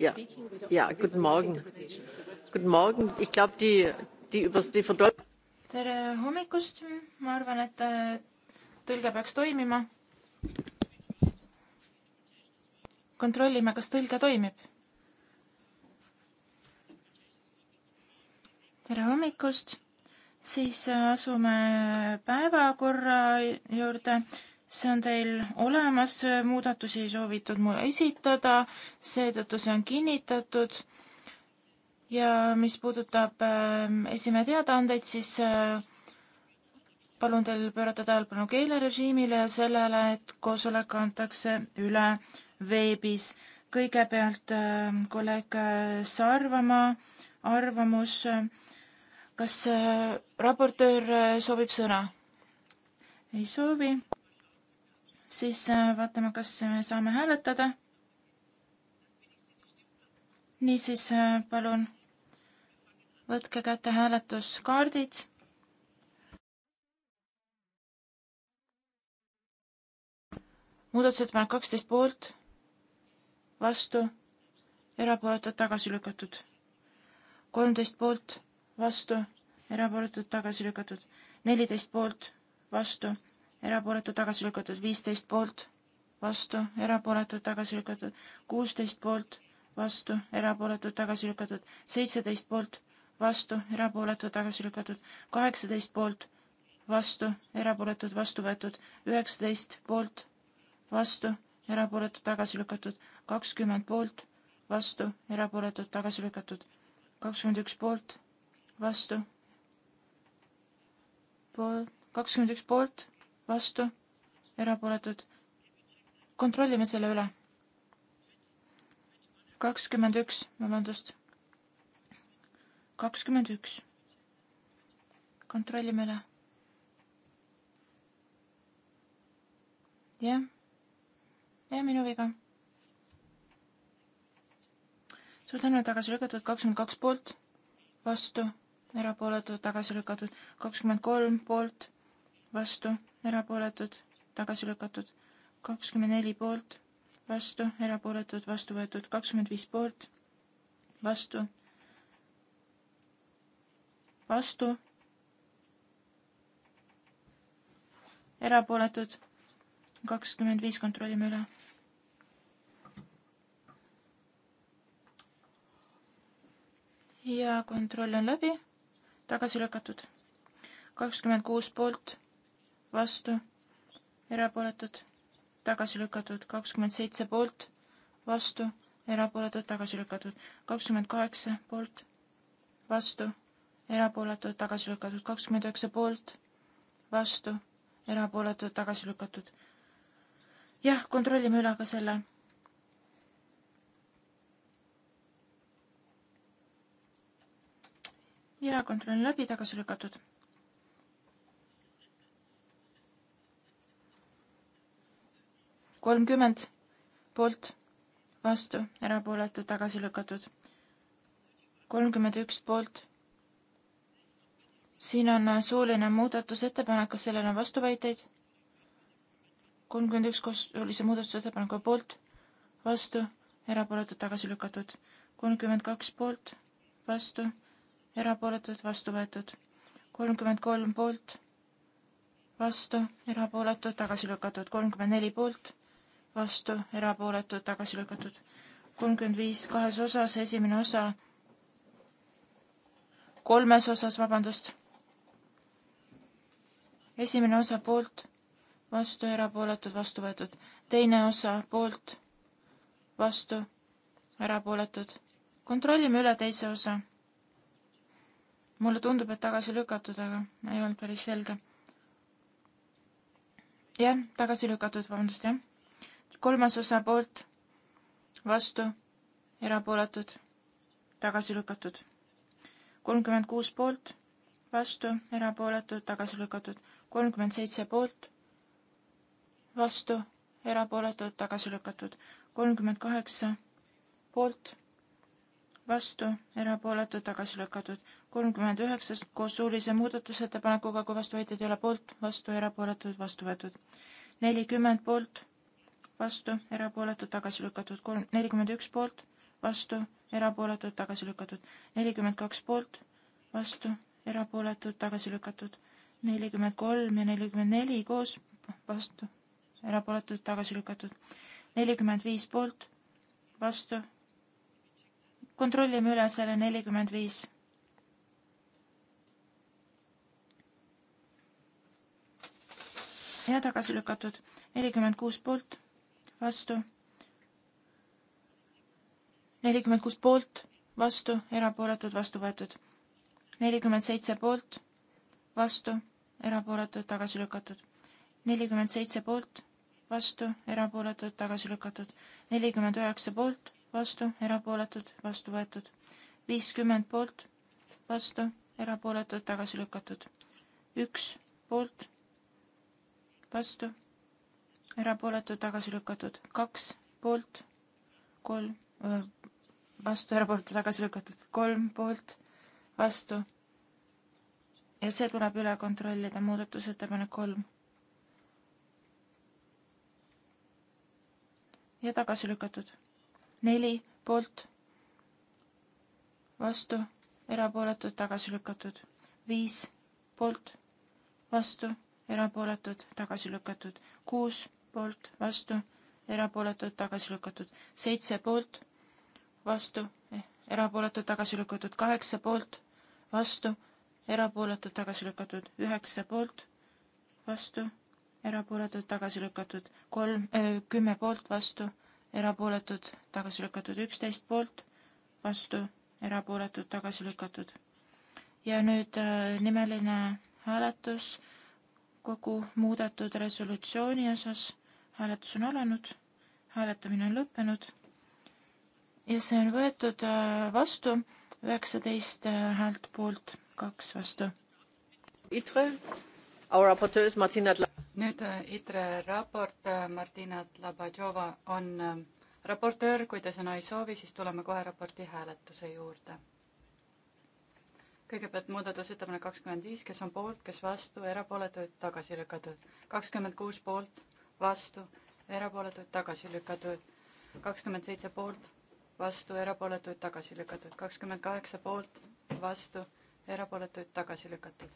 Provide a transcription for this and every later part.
Ja, ja, guten Morgen. Guten Morgen. Ich glaube, die, die übers, die Verdol- tere hommikust, ma arvan, et äh, tõlge peaks toimima. kontrollime, kas tõlge toimib. tere hommikust, siis äh, asume päevakorra juurde see on teil olemas, muudatusi ei soovitud mulle esitada, seetõttu see on kinnitatud. ja mis puudutab ähm, esimehe teadaandeid, siis äh, palun teil pöörata tähelepanu keelerežiimile ja sellele, et koosolek antakse üle veebis. kõigepealt ähm, kolleeg äh, Sarvamaa arvamus. Äh, kas raportöör soovib sõna? ei soovi siis äh, vaatame, kas me saame hääletada. niisiis, äh, palun võtke kätte hääletuskaardid muudatusettepanek kaksteist poolt, vastu, erapooletud, tagasi lükatud. kolmteist poolt, vastu, erapooletud, tagasi lükatud. neliteist poolt, vastu, erapooletud, tagasi lükatud, viisteist poolt, vastu, erapooletud, tagasi lükatud, kuusteist poolt, vastu, erapooletud, tagasi lükatud, seitseteist poolt, vastu, erapooletud, tagasi lükatud, kaheksateist poolt, vastu, erapooletud, vastu võetud, üheksateist poolt, vastu, erapooletud, tagasi lükatud, kakskümmend poolt, vastu, erapooletud, tagasi lükatud, kakskümmend üks poolt, vastu, pool, kakskümmend üks poolt, vastu, erapooletud. kontrollime selle üle. kakskümmend üks, vabandust. kakskümmend üks. kontrollime üle. jah, ja minu viga. suur tänu, tagasi lükatud kakskümmend kaks poolt, vastu erapooletud, tagasi lükatud, kakskümmend kolm poolt, vastu, erapooletud, tagasi lükatud. kakskümmend neli poolt, vastu, erapooletud, vastu võetud. kakskümmend viis poolt, vastu, vastu, erapooletud, kakskümmend viis, kontrollime üle. ja kontroll on läbi, tagasi lükatud. kakskümmend kuus poolt vastu, erapooletud, tagasi lükatud, kakskümmend seitse poolt, vastu, erapooletud, tagasi lükatud, kakskümmend kaheksa poolt, vastu, erapooletud, tagasi lükatud, kakskümmend üheksa poolt, vastu, erapooletud, tagasi lükatud. jah, kontrollime üle ka selle ja kontroll läbi tagasi lükatud. kolmkümmend poolt, vastu, erapooletud, tagasi lükatud. kolmkümmend üks poolt. siin on äh, suuline muudatusettepanek, kas sellele on vastuväiteid? kolmkümmend üks koos suulise muudatusettepaneku poolt, vastu, erapooletud, tagasi lükatud. kolmkümmend kaks poolt, vastu, erapooletud, vastu võetud. kolmkümmend kolm poolt, vastu, erapooletud, tagasi lükatud. kolmkümmend neli poolt vastu, erapooletud, tagasi lükatud. kolmkümmend viis kahes osas, esimene osa, kolmes osas, vabandust. esimene osa poolt, vastu, erapooletud, vastu võetud. teine osa poolt, vastu, erapooletud. kontrollime üle teise osa. mulle tundub, et tagasi lükatud, aga ei olnud päris selge. jah, tagasi lükatud, vabandust, jah kolmas osa poolt, vastu, erapooletud, tagasi lükatud. kolmkümmend kuus poolt, vastu, erapooletud, tagasi lükatud. kolmkümmend seitse poolt, vastu, erapooletud, tagasi lükatud. kolmkümmend kaheksa poolt, vastu, erapooletud, tagasi lükatud. kolmkümmend üheksa koos suulise muudatusettepanekuga, kui vastuväiteid ei ole poolt, vastu, erapooletud, vastu võetud. nelikümmend poolt vastu, erapooletud, tagasi lükatud, kolm, nelikümmend üks poolt, vastu, erapooletud, tagasi lükatud, nelikümmend kaks poolt, vastu, erapooletud, tagasi lükatud, nelikümmend kolm ja nelikümmend neli koos, vastu, erapooletud, tagasi lükatud, nelikümmend viis poolt, vastu. kontrollime üle selle nelikümmend viis. ja tagasi lükatud, nelikümmend kuus poolt vastu. nelikümmend kuus poolt, vastu, erapooletud, vastu võetud. nelikümmend seitse poolt, vastu, erapooletud, tagasi lükatud. nelikümmend seitse poolt, vastu, erapooletud, tagasi lükatud. nelikümmend üheksa poolt, vastu, erapooletud, vastu võetud. viiskümmend poolt, vastu, erapooletud, tagasi lükatud. üks poolt, vastu, erapooletud, tagasi lükatud, kaks poolt, kolm, vastu, erapooletu, tagasi lükatud, kolm poolt, vastu. ja see tuleb üle kontrollida, muudatusettepanek kolm. ja tagasi lükatud, neli poolt, vastu, erapooletud, tagasi lükatud, viis poolt, vastu, erapooletud, tagasi lükatud, kuus poolt, vastu, erapooletud, tagasi lükatud. seitse poolt, vastu, eh, erapooletud, tagasi lükatud. kaheksa poolt, vastu, erapooletud, tagasi lükatud. üheksa poolt, vastu, erapooletud, tagasi lükatud. kolm, eh, kümme poolt, vastu, erapooletud, tagasi lükatud. üksteist poolt, vastu, erapooletud, tagasi lükatud. ja nüüd eh, nimeline hääletus kogu muudetud resolutsiooni osas hääletus on alanud, hääletamine on lõppenud ja see on võetud äh, vastu üheksateist äh, häält poolt, kaks vastu. ITRE, our raportöör Martina Tla-. nüüd äh, ITRE raport, Martina Tlabadjova on raportöör, kui te sõna ei soovi, siis tuleme kohe raporti hääletuse juurde. kõigepealt muudatusettepanek kakskümmend viis, kes on poolt, kes vastu, erapooletuid tagasi lükatud. kakskümmend kuus poolt, vastu, erapooletuid tagasi lükatud. kakskümmend seitse poolt, vastu, erapooletuid tagasi lükatud. kakskümmend kaheksa poolt, vastu, erapooletuid tagasi lükatud.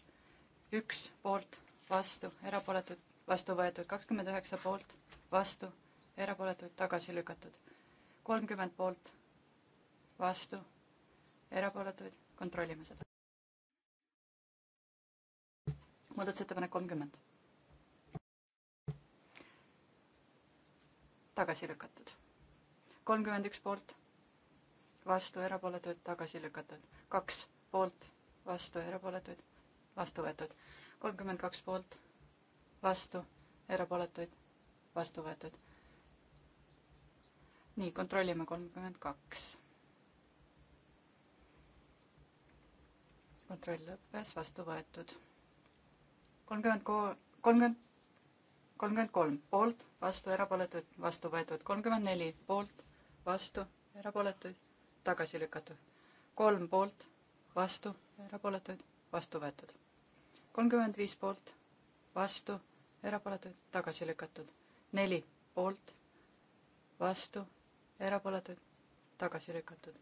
üks poolt, vastu, erapooletuid vastu võetud. kakskümmend üheksa poolt, vastu, erapooletuid tagasi lükatud. kolmkümmend poolt, vastu, erapooletuid, kontrollime seda. muudatusettepanek kolmkümmend tagasi lükatud. kolmkümmend üks poolt, vastu, erapooletuid, tagasi lükatud. kaks poolt, vastu, erapooletuid, vastu võetud. kolmkümmend kaks poolt, vastu, erapooletuid, vastu võetud. nii, kontrollime kolmkümmend kaks. kontroll lõppes, vastu võetud. kolmkümmend kolmkümmend kolmkümmend kolm poolt, vastu, erapooletuid, vastu võetud. kolmkümmend neli poolt, vastu, erapooletuid, tagasi lükatud. kolm poolt, vastu, erapooletuid, vastu võetud. kolmkümmend viis poolt, vastu, erapooletuid, tagasi lükatud. neli poolt, vastu, erapooletuid, tagasi lükatud.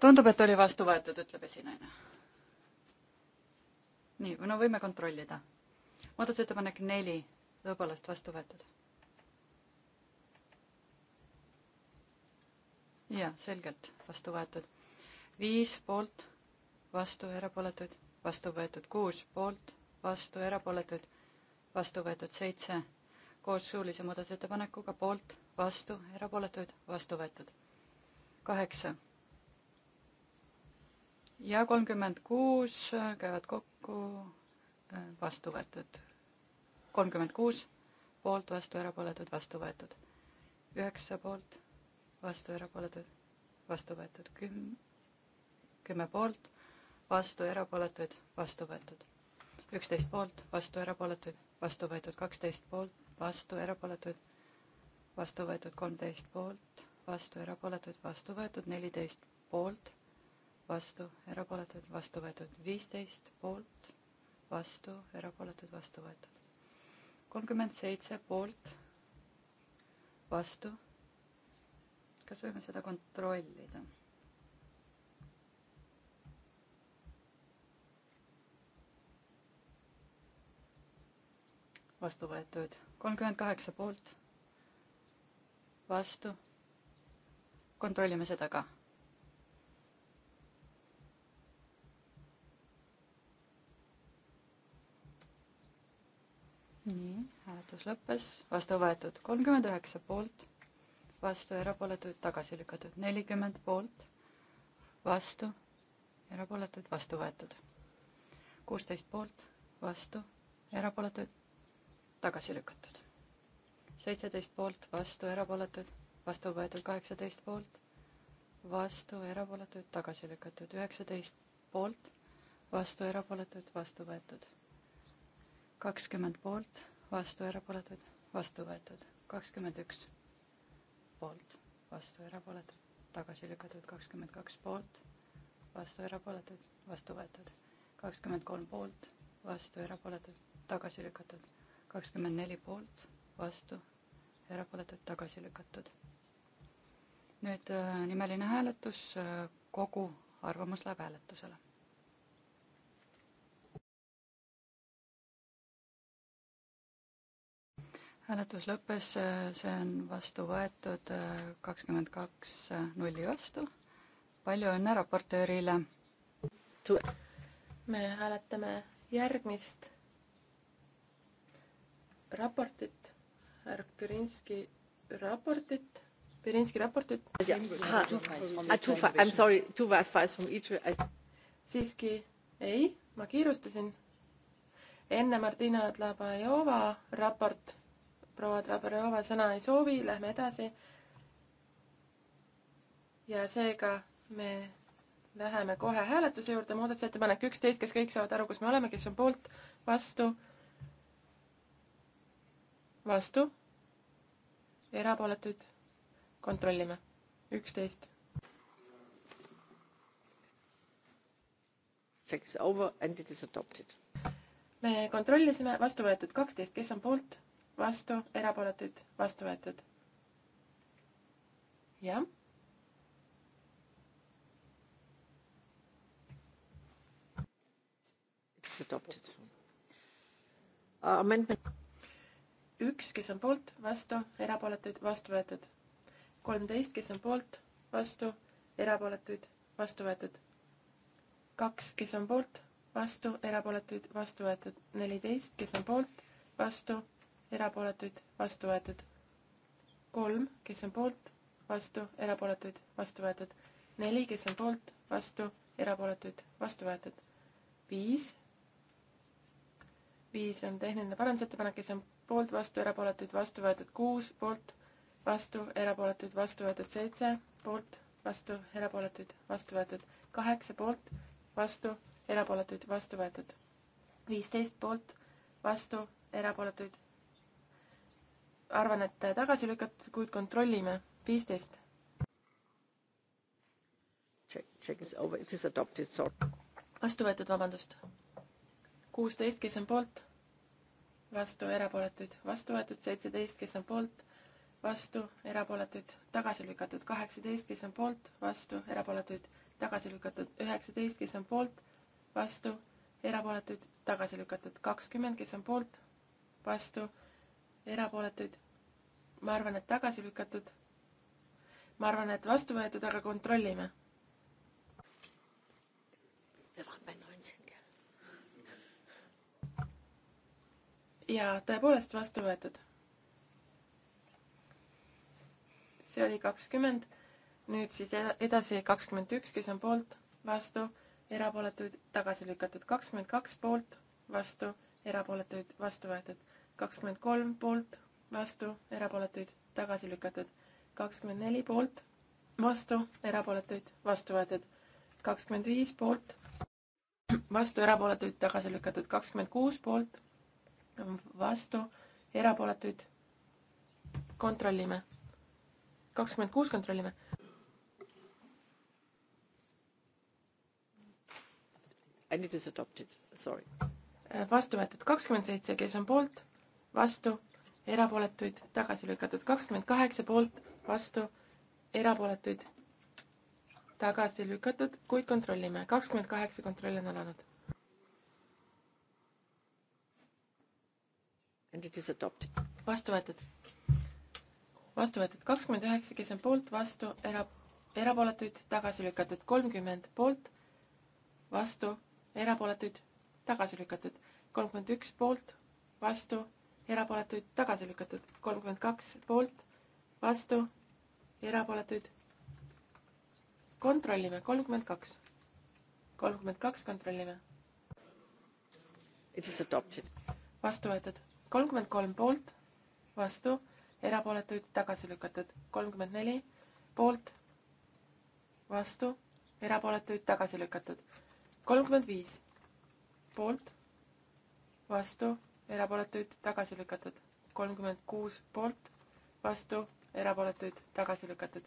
tundub, et oli vastu võetud, ütleb esinaine nii, no võime kontrollida. muudatusettepanek neli, tõepoolest vastu võetud. jaa, selgelt vastu võetud. viis poolt, vastu, erapooletuid, vastu võetud kuus poolt, vastu, erapooletuid, vastu võetud seitse koos suulise muudatusettepanekuga poolt, vastu, erapooletuid, vastu võetud. kaheksa ja kolmkümmend kuus äh, käivad kokku äh, vastu võetud. kolmkümmend kuus poolt, vastu, erapooletud, vastu võetud. üheksa poolt, vastu, erapooletud, vastu võetud. küm-, kümme poolt, vastu, erapooletuid, vastu võetud. üksteist poolt, vastu, erapooletuid, vastu võetud. kaksteist poolt, vastu, erapooletuid, vastu võetud. kolmteist poolt, vastu, erapooletuid, vastu võetud. neliteist poolt, vastu, erapooletud, vastu võetud viisteist poolt, vastu, erapooletud, vastu võetud. kolmkümmend seitse poolt, vastu. kas võime seda kontrollida? vastu võetud kolmkümmend kaheksa poolt, vastu. kontrollime seda ka nii, hääletus lõppes, vastu võetud kolmkümmend üheksa poolt, vastu erapooletuid tagasi lükatud nelikümmend poolt, vastu erapooletuid vastu võetud kuusteist poolt, vastu erapooletuid tagasi lükatud. seitseteist poolt, vastu erapooletuid, vastu võetud kaheksateist poolt, vastu erapooletuid tagasi lükatud üheksateist poolt, vastu erapooletuid vastu võetud kakskümmend poolt, vastu, erapooletud, vastu võetud, kakskümmend üks poolt, vastu, erapooletud, tagasi lükatud, kakskümmend kaks poolt, vastu, erapooletud, vastu võetud, kakskümmend kolm poolt, vastu, erapooletud, tagasi lükatud, kakskümmend neli poolt, vastu, erapooletud, tagasi lükatud. nüüd äh, nimeline hääletus, äh, kogu arvamus läheb hääletusele hääletus lõppes, äh, see on vastu võetud äh, kakskümmend kaks äh, nulli vastu. palju õnne raportöörile. me hääletame järgmist raportit, härra Kürinski raportit Berinski raportit. Ah, siiski ei, ma kiirustasin. enne Martina Dlabajova raport proua Traberova sõna ei soovi, lähme edasi. ja seega me läheme kohe hääletuse juurde, muudatusettepanek üksteist, kes kõik saavad aru, kus me oleme, kes on poolt, vastu, vastu, erapooletuid, kontrollime, üksteist. Check is over and it is adopted. me kontrollisime, vastu võetud kaksteist, kes on poolt vastu, erapooletuid, vastu võetud. jah. Uh, üks, kes on poolt, vastu, erapooletuid, vastu võetud. kolmteist, kes on poolt, vastu, erapooletuid, vastu võetud. kaks, kes on poolt, vastu, erapooletuid, vastu võetud. neliteist, kes on poolt, vastu erapooletuid, vastu võetud. kolm, kes on poolt, vastu, erapooletuid, vastu võetud. neli, kes on poolt, vastu, erapooletuid, vastu võetud. viis, viis on tehniline parandusettepanek, kes on poolt, vastu, erapooletuid, vastu võetud. kuus, poolt, vastu, erapooletuid, vastu võetud. seitse, poolt, vastu, erapooletuid, vastu võetud. kaheksa, poolt, vastu, erapooletuid, vastu võetud. viisteist, poolt, vastu, erapooletuid, arvan, et tagasi lükatud, kuid kontrollime. viisteist. vastu võetud, vabandust. kuusteist, kes on poolt? vastu, erapooletuid. vastu võetud seitseteist, kes on poolt? vastu, erapooletuid. tagasi lükatud kaheksateist, kes on poolt? vastu, erapooletuid. tagasi lükatud üheksateist, kes on poolt? vastu, erapooletuid. tagasi lükatud kakskümmend, kes on poolt? vastu erapooletuid. ma arvan, et tagasi lükatud. ma arvan, et vastu võetud, aga kontrollime. ja tõepoolest vastu võetud. see oli kakskümmend, nüüd siis edasi kakskümmend üks, kes on poolt, vastu, erapooletuid, tagasi lükatud, kakskümmend kaks poolt, vastu, erapooletuid, vastu võetud kakskümmend kolm poolt, vastu, erapooletuid, tagasi lükatud. kakskümmend neli poolt, vastu, erapooletuid, vastu võetud. kakskümmend viis poolt, vastu, erapooletuid, tagasi lükatud. kakskümmend kuus poolt, vastu, erapooletuid. kontrollime. kakskümmend kuus kontrollime. and it is adopted, sorry. vastu võetud kakskümmend seitse, kes on poolt vastu, erapooletuid tagasi lükatud. kakskümmend kaheksa poolt, vastu, erapooletuid tagasi lükatud, kuid kontrollime. kakskümmend kaheksa kontroll on alanud. And it is adopted. vastu võetud. vastu võetud kakskümmend üheksa, kes on poolt, vastu, era-, erapooletuid tagasi lükatud. kolmkümmend poolt, vastu, erapooletuid tagasi lükatud. kolmkümmend üks poolt, vastu erapooletuid tagasi lükatud. kolmkümmend kaks poolt, vastu, erapooletuid. kontrollime, kolmkümmend kaks. kolmkümmend kaks kontrollime. It is adopted. vastu võetud. kolmkümmend kolm poolt, vastu, erapooletuid tagasi lükatud. kolmkümmend neli poolt, vastu, erapooletuid tagasi lükatud. kolmkümmend viis poolt, vastu erapooletuid, tagasi lükatud. kolmkümmend kuus poolt, vastu, erapooletuid, tagasi lükatud.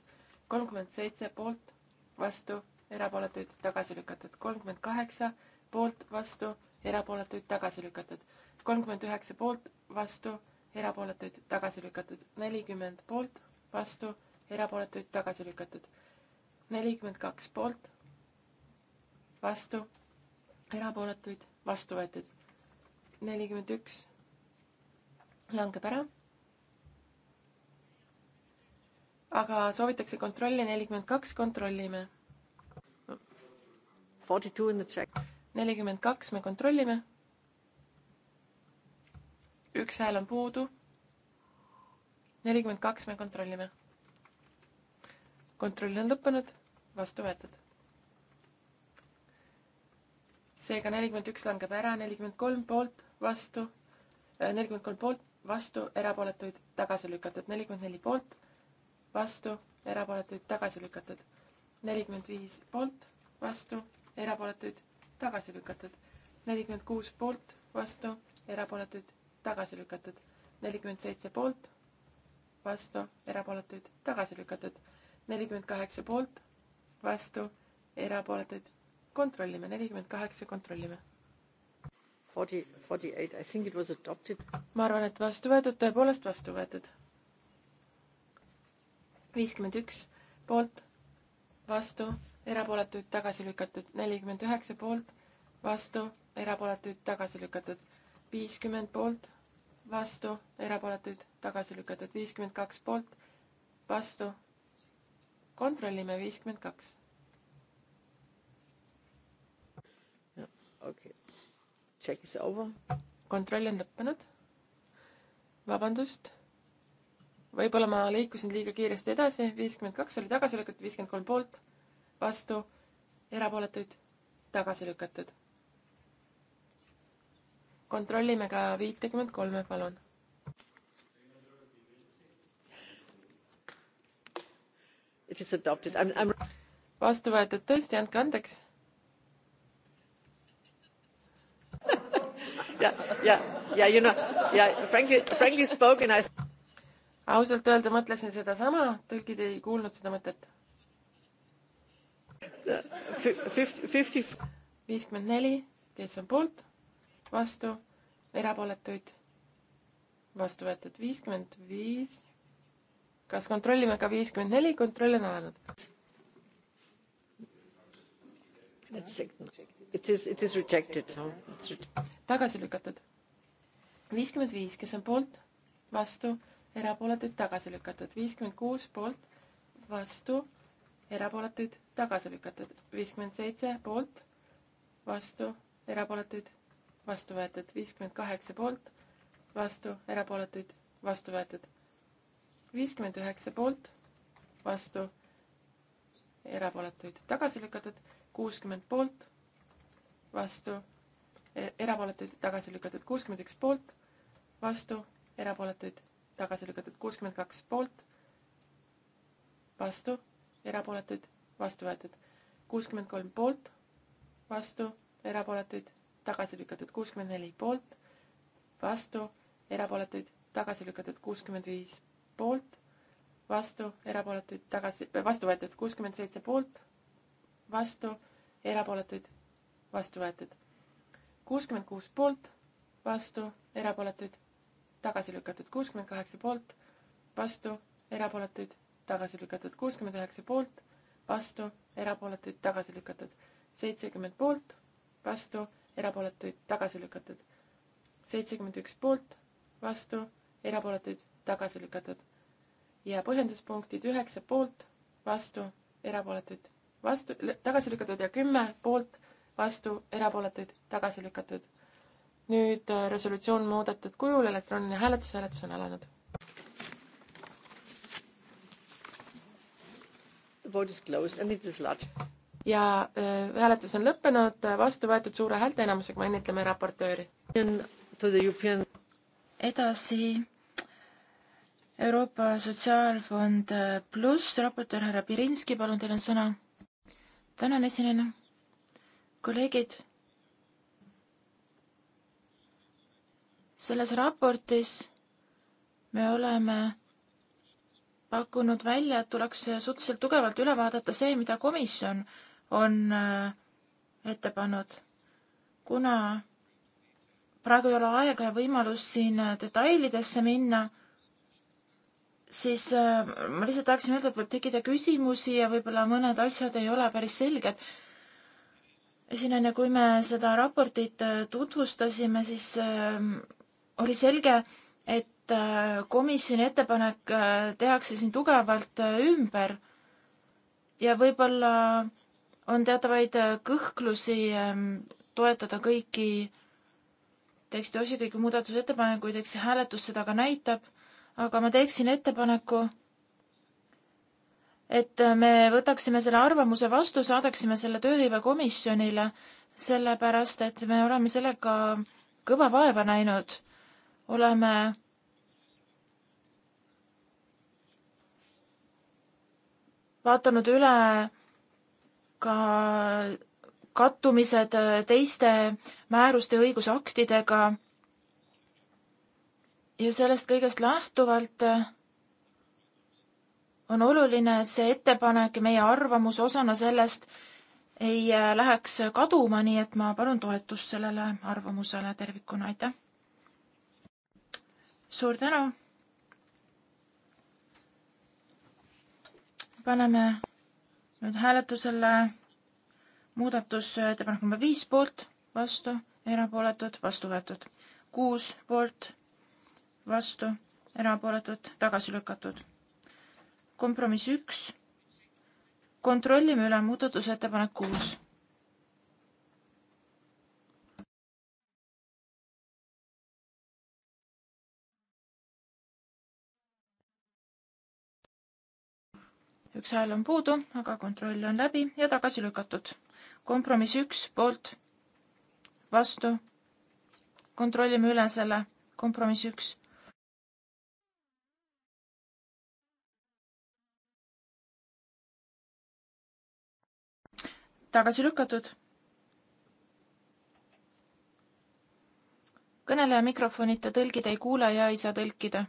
kolmkümmend seitse poolt, vastu, erapooletuid, tagasi lükatud. kolmkümmend kaheksa poolt, vastu, erapooletuid, tagasi lükatud. kolmkümmend üheksa poolt, vastu, erapooletuid, tagasi lükatud. nelikümmend poolt, vastu, erapooletuid, tagasi lükatud. nelikümmend kaks poolt, vastu, erapooletuid, vastu võetud nelikümmend üks langeb ära. aga soovitakse kontrolli nelikümmend kaks, kontrollime. nelikümmend kaks me kontrollime. üks hääl on puudu. nelikümmend kaks me kontrollime. kontroll on lõppenud, vastu võetud seega nelikümmend üks langeb ära, nelikümmend kolm poolt, vastu, äh, nelikümmend kolm poolt, vastu, erapooletuid tagasi lükatud, nelikümmend neli poolt, vastu, erapooletuid tagasi lükatud, nelikümmend viis poolt, vastu, erapooletuid tagasi lükatud, nelikümmend kuus poolt, vastu, erapooletuid tagasi lükatud, nelikümmend seitse poolt, vastu, erapooletuid tagasi lükatud, nelikümmend kaheksa poolt, vastu, erapooletuid kontrollime, nelikümmend kaheksa kontrollime. Forty, forty eight, I think it was adopted. ma arvan, et vastu võetud, tõepoolest vastu võetud. viiskümmend üks poolt, vastu, erapooletuid tagasi lükatud, nelikümmend üheksa poolt, vastu, erapooletuid tagasi lükatud, viiskümmend poolt, vastu, erapooletuid tagasi lükatud, viiskümmend kaks poolt, vastu. kontrollime viiskümmend kaks okei okay., check is over. kontroll on lõppenud. vabandust. võib-olla ma liikusin liiga kiiresti edasi, viiskümmend kaks oli tagasi lükatud, viiskümmend kolm poolt, vastu, erapooletuid, tagasi lükatud. kontrollime ka viitekümmet kolme, palun. It is adopted. vastu võetud, tõesti, andke andeks yeah, yeah, yeah, you know, yeah, frankly, frankly spoken I ausalt öelda mõtlesin sedasama, tõlgid ei kuulnud seda mõtet. viiskümmend neli, kes on poolt, vastu, erapooletuid, vastu võetud viiskümmend viis. kas kontrollime ka viiskümmend neli, kontroll on alanud. Let's signal. It is, it is rejected huh?. tagasi lükatud. viiskümmend viis, kes on poolt, vastu, erapooletuid tagasi lükatud. viiskümmend kuus poolt, vastu, erapooletuid tagasi lükatud. viiskümmend seitse poolt, vastu, erapooletuid vastu võetud. viiskümmend kaheksa poolt, vastu, erapooletuid vastu võetud. viiskümmend üheksa poolt, vastu, erapooletuid tagasi lükatud. kuuskümmend poolt vastu, e, erapooletuid tagasi lükatud kuuskümmend üks poolt, vastu, erapooletuid tagasi lükatud kuuskümmend kaks poolt, vastu, erapooletuid vastu võetud kuuskümmend kolm poolt, vastu, erapooletuid tagasi lükatud kuuskümmend neli poolt, vastu, erapooletuid tagasi lükatud kuuskümmend viis poolt, vastu, erapooletuid tagasi, vastu võetud kuuskümmend seitse poolt, vastu, erapooletuid vastu võetud. kuuskümmend kuus poolt, vastu, erapooletuid, tagasi lükatud. kuuskümmend kaheksa poolt, vastu, erapooletuid, tagasi lükatud. kuuskümmend üheksa poolt, vastu, erapooletuid, tagasi lükatud. seitsekümmend poolt, vastu, erapooletuid, tagasi lükatud. seitsekümmend üks poolt, vastu, erapooletuid, tagasi lükatud. ja põhjenduspunktid üheksa poolt, vastu, erapooletuid, vastu, tagasi lükatud ja kümme poolt, vastu, erapooletuid, tagasi lükatud. nüüd äh, resolutsioon muudetud kujul, elektrooniline hääletus, hääletus on alanud. ja äh, hääletus on lõppenud, äh, vastu võetud suure häälteenamusega, me õnnitleme raportööri. edasi Euroopa Sotsiaalfond äh, pluss, raportöör härra Pirinski, palun, teil on sõna. tänan, esineja kolleegid, selles raportis me oleme pakkunud välja, et tuleks suhteliselt tugevalt üle vaadata see, mida komisjon on äh, ette pannud. kuna praegu ei ole aega ja võimalust siin äh, detailidesse minna, siis äh, ma lihtsalt tahaksin öelda, et võib tekkida küsimusi ja võib-olla mõned asjad ei ole päris selged esinejana, kui me seda raportit äh, tutvustasime, siis äh, oli selge, et äh, komisjoni ettepanek tehakse siin tugevalt ümber ja võib-olla on teatavaid kõhklusi ähm, toetada kõiki tekstiosi, kõiki muudatusettepanekuid, eks see hääletus seda ka näitab, aga ma teeksin ettepaneku et äh, me võtaksime selle arvamuse vastu, saadaksime selle tööhõivekomisjonile, sellepärast et me oleme sellega kõva vaeva näinud, oleme vaatanud üle ka kattumised äh, teiste määruste õigusaktidega ja sellest kõigest lähtuvalt äh, on oluline, et see ettepanek ja meie arvamus osana sellest ei äh, läheks kaduma, nii et ma palun toetust sellele arvamusele tervikuna, aitäh. suur tänu. paneme nüüd hääletusele muudatusettepanek number viis poolt, vastu, erapooletud, vastu võetud. kuus poolt, vastu, erapooletud, tagasi lükatud kompromiss üks. kontrollime üle muudatusettepanek kuus. üks hääl on puudu, aga kontroll on läbi ja tagasi lükatud. kompromiss üks poolt, vastu. kontrollime üle selle kompromiss üks tagasi lükatud. kõneleja mikrofonita tõlgid ei kuule ja ei saa tõlkida.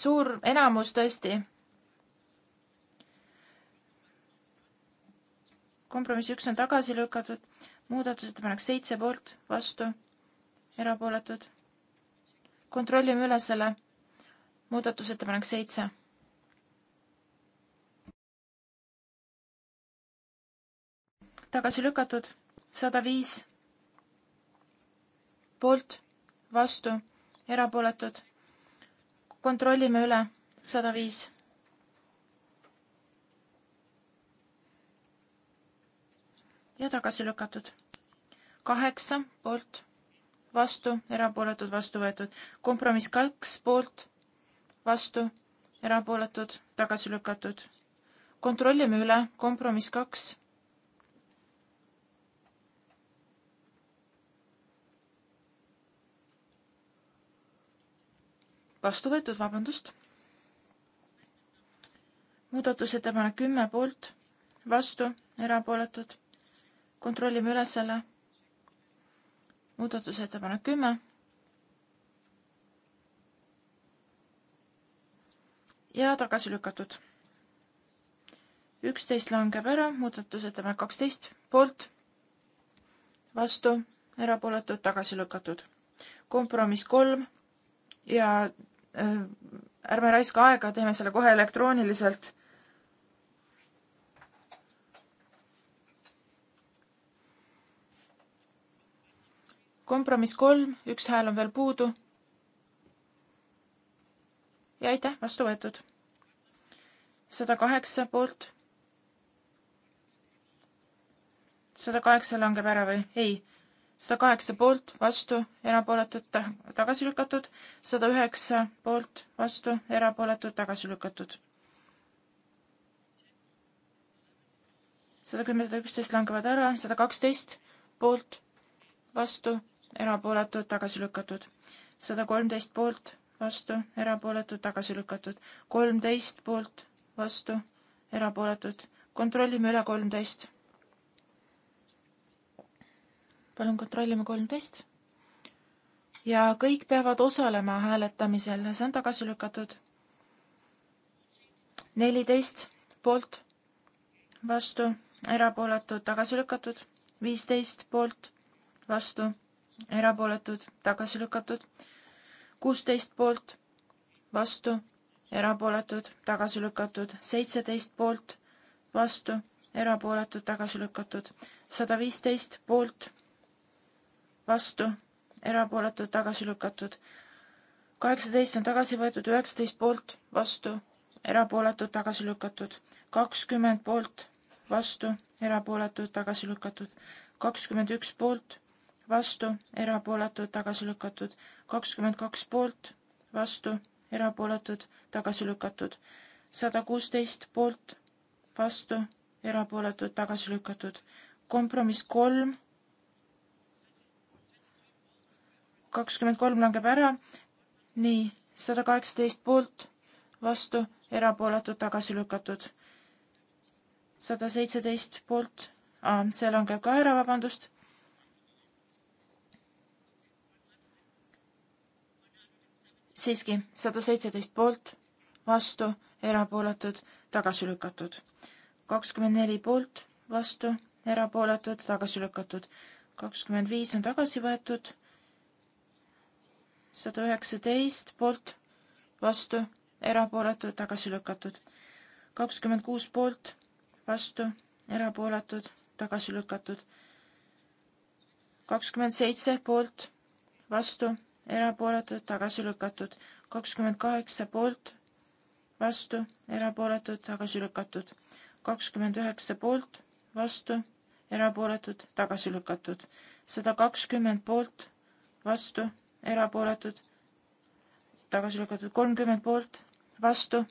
suur enamus tõesti. kompromiss üks on tagasi lükatud, muudatusettepanek seitse poolt, vastu, erapooletud. kontrollime üle selle muudatusettepanek seitse. tagasi lükatud, sada viis poolt, vastu, erapooletud. kontrollime üle, sada viis. ja tagasi lükatud. kaheksa poolt, vastu, erapooletud, vastu võetud. kompromiss kaks poolt vastu, erapooletud, tagasi lükatud. kontrollime üle, kompromiss kaks. vastu võetud, vabandust. muudatusettepanek kümme poolt, vastu, erapooletud. kontrollime üle selle. muudatusettepanek kümme ja tagasi lükatud. üksteist langeb ära, muudatusettepanek kaksteist, poolt, vastu, erapooletud, tagasi lükatud. kompromiss kolm ja äh, ärme raiska aega, teeme selle kohe elektrooniliselt kompromiss kolm, üks hääl on veel puudu ja aitäh, vastu võetud. sada kaheksa poolt. sada kaheksa langeb ära või? ei. sada kaheksa poolt, vastu, erapooletud, tagasi lükatud. sada üheksa poolt, vastu, erapooletud, tagasi lükatud. sada kümme, sada üksteist langevad ära, sada kaksteist poolt, vastu, erapooletud, tagasi lükatud. sada kolmteist poolt vastu, erapooletud, tagasi lükatud. kolmteist poolt, vastu, erapooletud. kontrollime üle kolmteist. palun kontrollime kolmteist. ja kõik peavad osalema hääletamisel, see on tagasi lükatud. neliteist poolt, vastu, erapooletud, tagasi lükatud. viisteist poolt, vastu, erapooletud, tagasi lükatud kuusteist poolt, vastu, erapooletud, tagasi lükatud, seitseteist poolt, vastu, erapooletud, tagasi lükatud, sada viisteist poolt, vastu, erapooletud, tagasi lükatud, kaheksateist on tagasi võetud, üheksateist poolt, vastu, erapooletud, tagasi lükatud, kakskümmend poolt, vastu, erapooletud, tagasi lükatud, kakskümmend üks poolt vastu, erapooletud, tagasi lükatud. kakskümmend kaks poolt, vastu, erapooletud, tagasi lükatud. sada kuusteist poolt, vastu, erapooletud, tagasi lükatud. kompromiss kolm, kakskümmend kolm langeb ära, nii, sada kaheksateist poolt, vastu, erapooletud, tagasi lükatud. sada seitseteist poolt, see langeb ka ära, vabandust siiski sada seitseteist poolt, vastu, erapooletud, tagasi lükatud. kakskümmend neli poolt, vastu, erapooletud, tagasi lükatud. kakskümmend viis on tagasi võetud. sada üheksateist poolt, vastu, erapooletud, tagasi lükatud. kakskümmend kuus poolt, vastu, erapooletud, tagasi lükatud. kakskümmend seitse poolt, vastu erapooletud, tagasi lükatud. kakskümmend kaheksa poolt, vastu, erapooletud, tagasi lükatud. kakskümmend üheksa poolt, vastu, erapooletud, tagasi lükatud. sada kakskümmend poolt, vastu, erapooletud, tagasi lükatud. kolmkümmend poolt, vastu,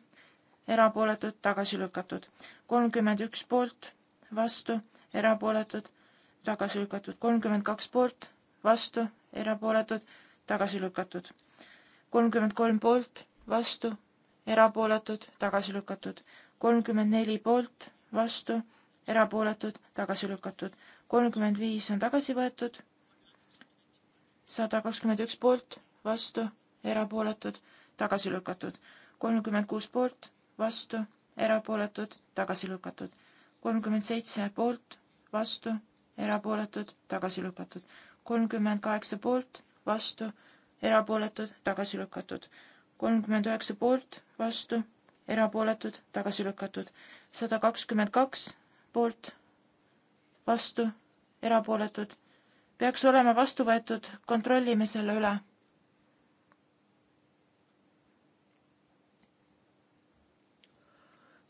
erapooletud, tagasi lükatud. kolmkümmend üks poolt, vastu, erapooletud, tagasi lükatud. kolmkümmend kaks poolt, vastu, erapooletud tagasi lükatud. kolmkümmend kolm poolt, vastu, erapooletud, tagasi lükatud. kolmkümmend neli poolt, vastu, erapooletud, tagasi lükatud. kolmkümmend viis on tagasi võetud. sada kakskümmend üks poolt, vastu, erapooletud, tagasi lükatud. kolmkümmend kuus poolt, vastu, erapooletud, tagasi lükatud. kolmkümmend seitse poolt, vastu, erapooletud, tagasi lükatud. kolmkümmend kaheksa poolt, vastu, erapooletud, tagasi lükatud. kolmkümmend üheksa poolt, vastu, erapooletud, tagasi lükatud. sada kakskümmend kaks poolt, vastu, erapooletud. peaks olema vastu võetud, kontrollime selle üle.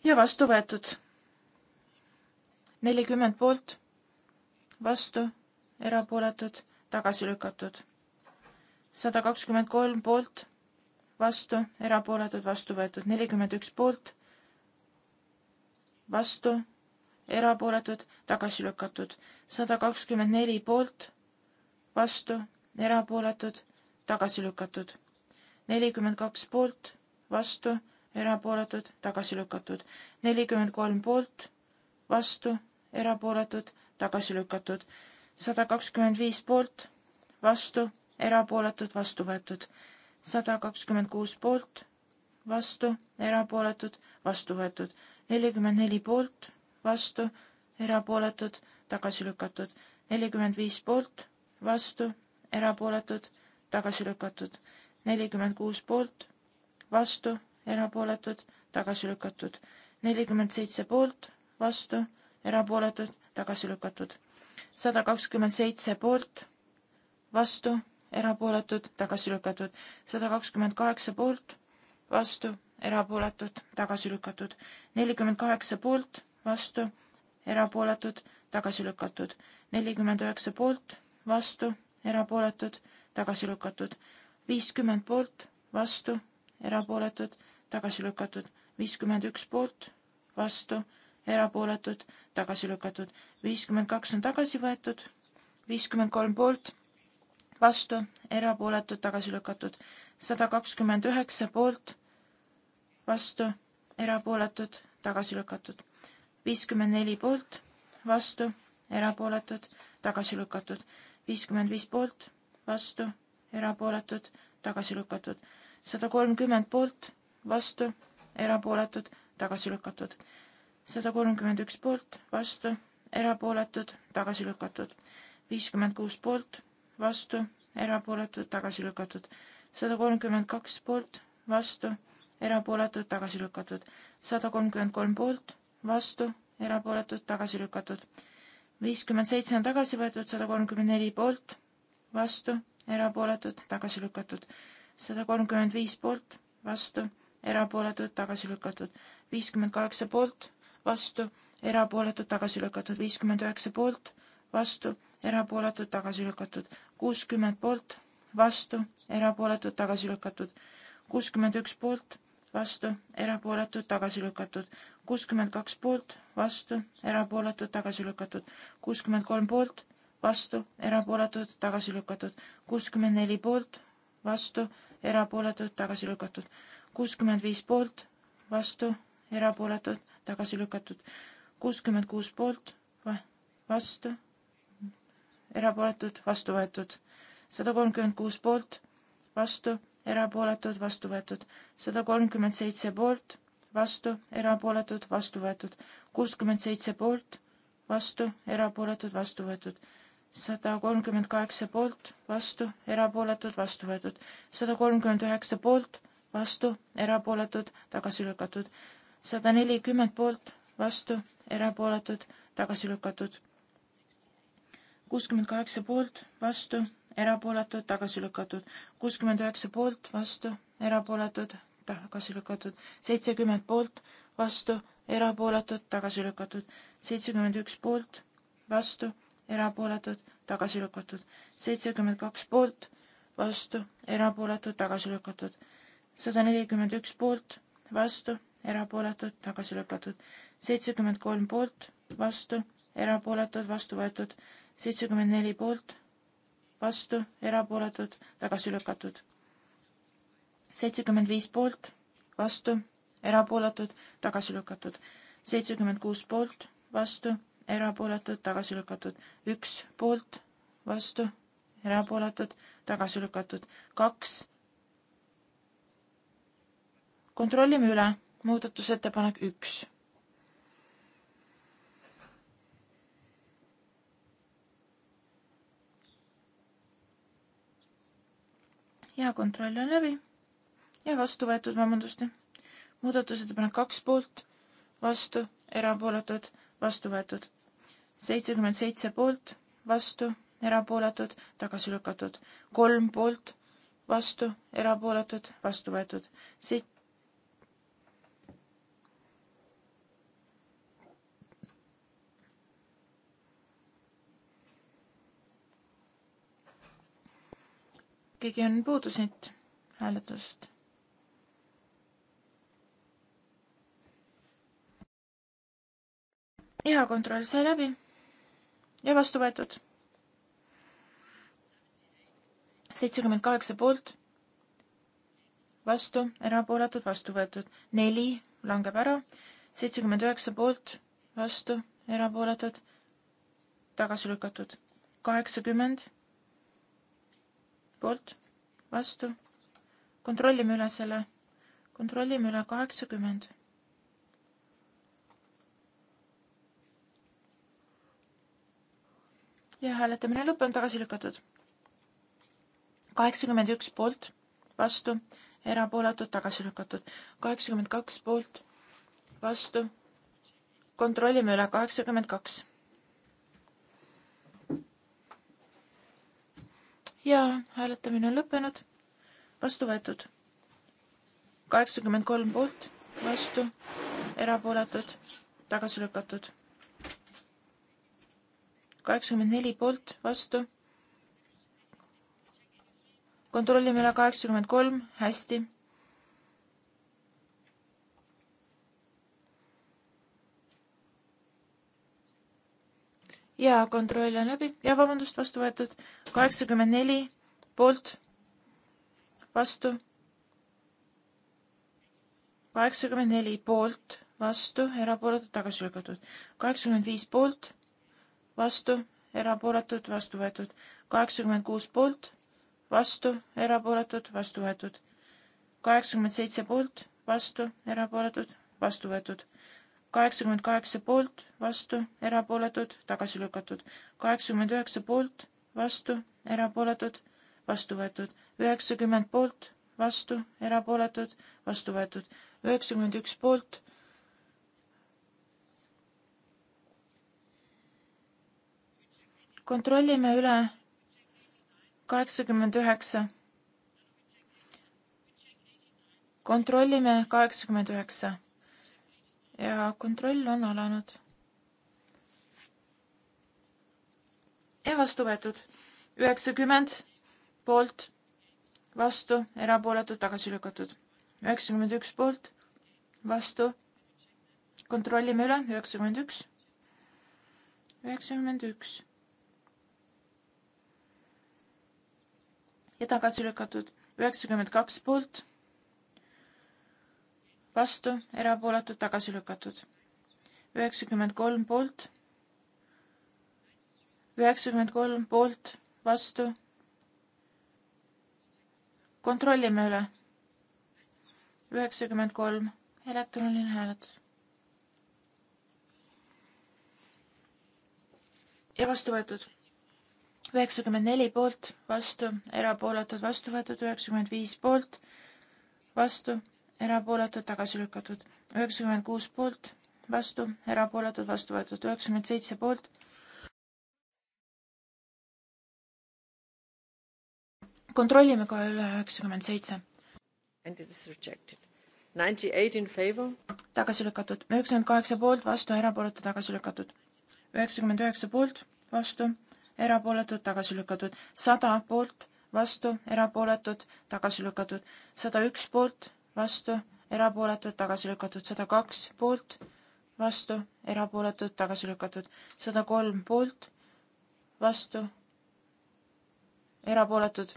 ja vastu võetud. nelikümmend poolt, vastu, erapooletud, tagasi lükatud sada kakskümmend kolm poolt, vastu, erapooletud, vastu võetud, nelikümmend üks poolt, vastu, erapooletud, tagasi lükatud, sada kakskümmend neli poolt, vastu, erapooletud, tagasi lükatud, nelikümmend kaks poolt, vastu, erapooletud, tagasi lükatud, nelikümmend kolm poolt, vastu, erapooletud, tagasi lükatud, sada kakskümmend viis poolt, vastu, erapooletud, vastu võetud. sada kakskümmend kuus poolt, vastu, erapooletud, vastu võetud. nelikümmend neli poolt, vastu, erapooletud, tagasi lükatud. nelikümmend viis poolt, vastu, erapooletud, tagasi lükatud. nelikümmend kuus poolt, vastu, erapooletud, tagasi lükatud. nelikümmend seitse poolt, vastu, erapooletud, tagasi lükatud. sada kakskümmend seitse poolt, vastu erapooletud, tagasi lükatud. sada kakskümmend kaheksa poolt, vastu, erapooletud, tagasi lükatud. nelikümmend kaheksa poolt, vastu, erapooletud, tagasi lükatud. nelikümmend üheksa poolt, vastu, erapooletud, tagasi lükatud. viiskümmend poolt, vastu, erapooletud, tagasi lükatud. viiskümmend üks poolt, vastu, erapooletud, tagasi lükatud. viiskümmend kaks on tagasi võetud, viiskümmend kolm poolt vastu, erapooletud, tagasi lükatud. sada kakskümmend üheksa poolt, vastu, erapooletud, tagasi lükatud. viiskümmend neli poolt, vastu, erapooletud, tagasi lükatud. viiskümmend viis poolt, vastu, erapooletud, tagasi lükatud. sada kolmkümmend poolt, vastu, erapooletud, tagasi lükatud. sada kolmkümmend üks poolt, vastu, erapooletud, tagasi lükatud. viiskümmend kuus poolt vastu, erapooletud, tagasi lükatud. sada kolmkümmend kaks poolt, vastu, erapooletud, tagasi lükatud. sada kolmkümmend kolm poolt, vastu, erapooletud, tagasi lükatud. viiskümmend seitse on tagasi võetud, sada kolmkümmend neli poolt, vastu, erapooletud, tagasi lükatud. sada kolmkümmend viis poolt, vastu, erapooletud, tagasi lükatud. viiskümmend kaheksa poolt, vastu, erapooletud, tagasi lükatud. viiskümmend üheksa poolt, vastu erapooletud, tagasi lükatud. kuuskümmend poolt, vastu, erapooletud, tagasi lükatud. kuuskümmend üks poolt, vastu, erapooletud, tagasi lükatud. kuuskümmend kaks poolt, vastu, erapooletud, tagasi lükatud. kuuskümmend kolm poolt, vastu, erapooletud, tagasi lükatud. kuuskümmend neli poolt, vastu, erapooletud, tagasi lükatud. kuuskümmend viis poolt, vastu, erapooletud, tagasi lükatud. kuuskümmend kuus poolt, vastu erapooletud, vastu võetud. sada kolmkümmend kuus poolt, vastu, erapooletud, vastu võetud. sada kolmkümmend seitse poolt, vastu, erapooletud, vastu võetud. kuuskümmend seitse poolt, vastu, erapooletud, vastu võetud sada kolmkümmend kaheksa poolt, vastu, erapooletud, vastu võetud. sada kolmkümmend üheksa poolt, vastu, erapooletud, tagasi lükatud. sada nelikümmend poolt, vastu, erapooletud, tagasi lükatud kuuskümmend kaheksa poolt, vastu, erapooletud, tagasi lükatud. kuuskümmend üheksa poolt, vastu, erapooletud, tagasi lükatud. seitsekümmend poolt, vastu, erapooletud, tagasi lükatud. seitsekümmend üks poolt, vastu, erapooletud, tagasi lükatud. seitsekümmend kaks poolt, vastu, erapooletud, tagasi lükatud. sada nelikümmend üks poolt, vastu, erapooletud, tagasi lükatud. seitsekümmend kolm poolt, vastu, erapooletud, vastu võetud seitsekümmend neli poolt, vastu, erapooletud, tagasi lükatud. seitsekümmend viis poolt, vastu, erapooletud, tagasi lükatud. seitsekümmend kuus poolt, vastu, erapooletud, tagasi lükatud. üks poolt, vastu, erapooletud, tagasi lükatud. kaks. kontrollime üle, muudatusettepanek üks ja kontroll on läbi ja vastu võetud, vabandust. muudatusettepanek kaks poolt, vastu, erapooletud, vastu võetud. seitsekümmend seitse poolt, vastu, erapooletud, tagasi lükatud. kolm poolt, vastu, erapooletud, vastu võetud. siit keegi on puudu siit hääletusest? hea kontroll sai läbi ja vastu võetud. seitsekümmend kaheksa poolt, vastu, erapooletud, vastu võetud. neli langeb ära, seitsekümmend üheksa poolt, vastu, erapooletud, tagasi lükatud. kaheksakümmend poolt, vastu, kontrollime üle selle, kontrollime üle kaheksakümmend. ja hääletamine lõppenud, tagasi lükatud. kaheksakümmend üks poolt, vastu, erapooletud, tagasi lükatud. kaheksakümmend kaks poolt, vastu, kontrollime üle, kaheksakümmend kaks ja hääletamine on lõppenud. vastu võetud. kaheksakümmend kolm poolt, vastu, erapooletud, tagasi lükatud. kaheksakümmend neli poolt, vastu kontrollime üle kaheksakümmend kolm, hästi ja kontroll on läbi ja vabandust, vastu võetud kaheksakümmend neli poolt, vastu. kaheksakümmend neli poolt, vastu, erapooletud, tagasi lükatud. kaheksakümmend viis poolt, vastu, erapooletud, vastu võetud. kaheksakümmend kuus poolt, vastu, erapooletud, vastu võetud. kaheksakümmend seitse poolt, vastu, erapooletud, vastu võetud kaheksakümmend kaheksa poolt, vastu, erapooletud, tagasi lükatud. kaheksakümmend üheksa poolt, vastu, erapooletud, vastu võetud. üheksakümmend poolt, vastu, erapooletud, vastu võetud. üheksakümmend üks poolt. kontrollime üle kaheksakümmend üheksa. kontrollime kaheksakümmend üheksa ja kontroll on alanud. ja vastu võetud üheksakümmend poolt, vastu, erapooletud, tagasi lükatud. üheksakümmend üks poolt, vastu. kontrollime üle, üheksakümmend üks. üheksakümmend üks. ja tagasi lükatud, üheksakümmend kaks poolt vastu, erapooletud, tagasi lükatud. üheksakümmend kolm poolt, üheksakümmend kolm poolt, vastu. kontrollime üle. üheksakümmend kolm, elektroniline hääletus. ja vastu võetud üheksakümmend neli poolt, vastu, erapooletud, vastu võetud üheksakümmend viis poolt, vastu erapooletud, tagasi lükatud. üheksakümmend kuus poolt, vastu, erapooletud, vastu võetud. üheksakümmend seitse poolt. kontrollime kohe üle üheksakümmend seitse. And it is rejected. Ninety eight in favor. tagasi lükatud. üheksakümmend kaheksa poolt, vastu, erapooletu, tagasi lükatud. üheksakümmend üheksa poolt, vastu, erapooletud, tagasi lükatud. sada poolt, vastu, erapooletud, tagasi lükatud. sada üks poolt vastu, erapooletud, tagasi lükatud, sada kaks poolt, vastu, erapooletud, tagasi lükatud, sada kolm poolt, vastu, erapooletud.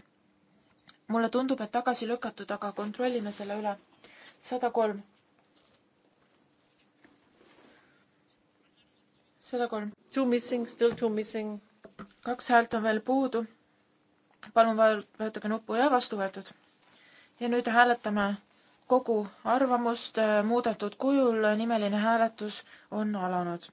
mulle tundub, et tagasi lükatud, aga kontrollime selle üle. sada kolm. sada kolm. Two missing, still two missing. kaks häält on veel puudu. palun vajutage nuppu ja vastu võetud. ja nüüd hääletame kogu arvamust äh, muudetud kujul, äh, nimeline hääletus on alanud.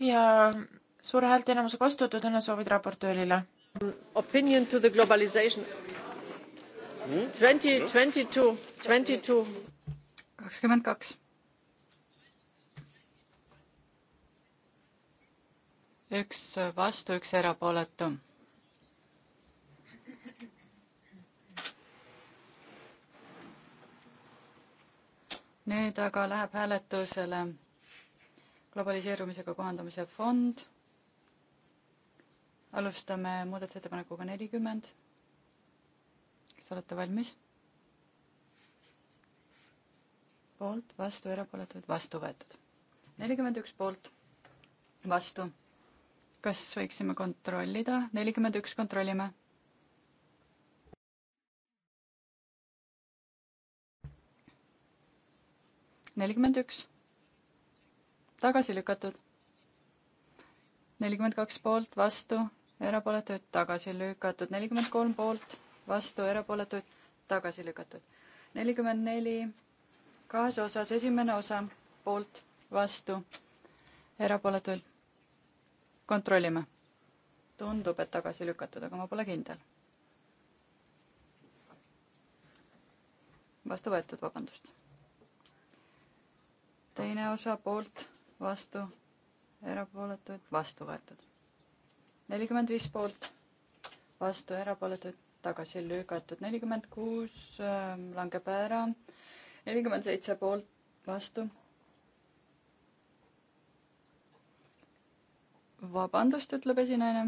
ja suure häälteenamusega vastu võetud õnnesoovid raportöörile. Opinion to the globalization hmm? kakskümmend kaks üks vastu, üks erapooletu. nüüd aga läheb hääletusele globaliseerumisega kohandamise fond. alustame muudatusettepanekuga nelikümmend. kas olete valmis? poolt, vastu, erapooletuid, vastu võetud. nelikümmend üks poolt, vastu kas võiksime kontrollida, nelikümmend üks kontrollime. nelikümmend üks, tagasi lükatud. nelikümmend kaks poolt, vastu, erapooletuid, tagasi lükatud, nelikümmend kolm poolt, vastu, erapooletuid, tagasi lükatud. nelikümmend neli, kahes osas, esimene osa, poolt, vastu, erapooletuid kontrollime. tundub, et tagasi lükatud, aga ma pole kindel. vastu võetud, vabandust. teine osa poolt, vastu, erapooletuid, vastu võetud. nelikümmend viis poolt, vastu, erapooletuid, tagasi lükatud, nelikümmend kuus äh, langeb ära, nelikümmend seitse poolt, vastu vabandust, ütleb esinaine.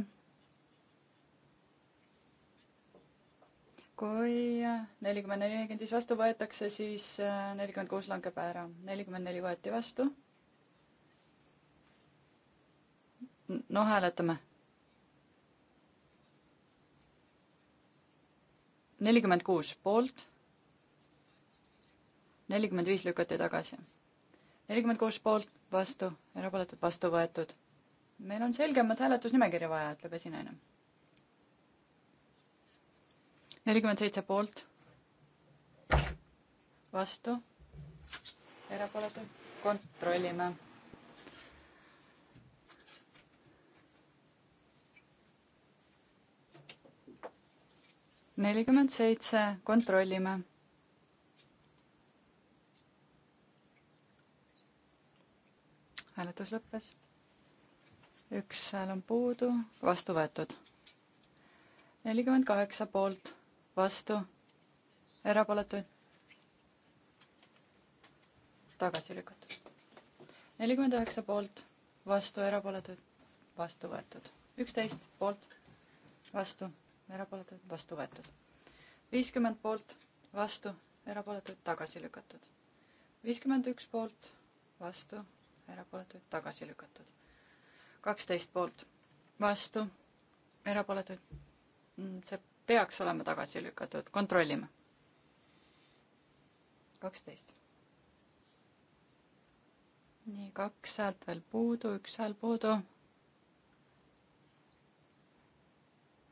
kui nelikümmend neli nelikümmend viis vastu võetakse, siis äh, nelikümmend kuus langeb ära. nelikümmend neli võeti vastu. no hääletame. nelikümmend kuus poolt. nelikümmend viis lükati tagasi. nelikümmend kuus poolt, vastu, erapooletud, vastu võetud meil on selgemat hääletusnimekirja vaja, ütleb esinaine. nelikümmend seitse poolt, vastu, erapooletud, kontrollime. nelikümmend seitse, kontrollime hääletus lõppes üks hääl on puudu, vastu võetud. nelikümmend kaheksa poolt, vastu, erapooletuid, tagasi lükatud. nelikümmend üheksa poolt, vastu, erapooletuid, vastu võetud. üksteist poolt, vastu, erapooletuid, vastu võetud. viiskümmend poolt, vastu, erapooletuid, tagasi lükatud. viiskümmend üks poolt, vastu, erapooletuid, tagasi lükatud kaksteist poolt, vastu, erapooletuid. Mm, see peaks olema tagasi lükatud, kontrollime. kaksteist. nii, kaks häält veel puudu, üks hääl puudu.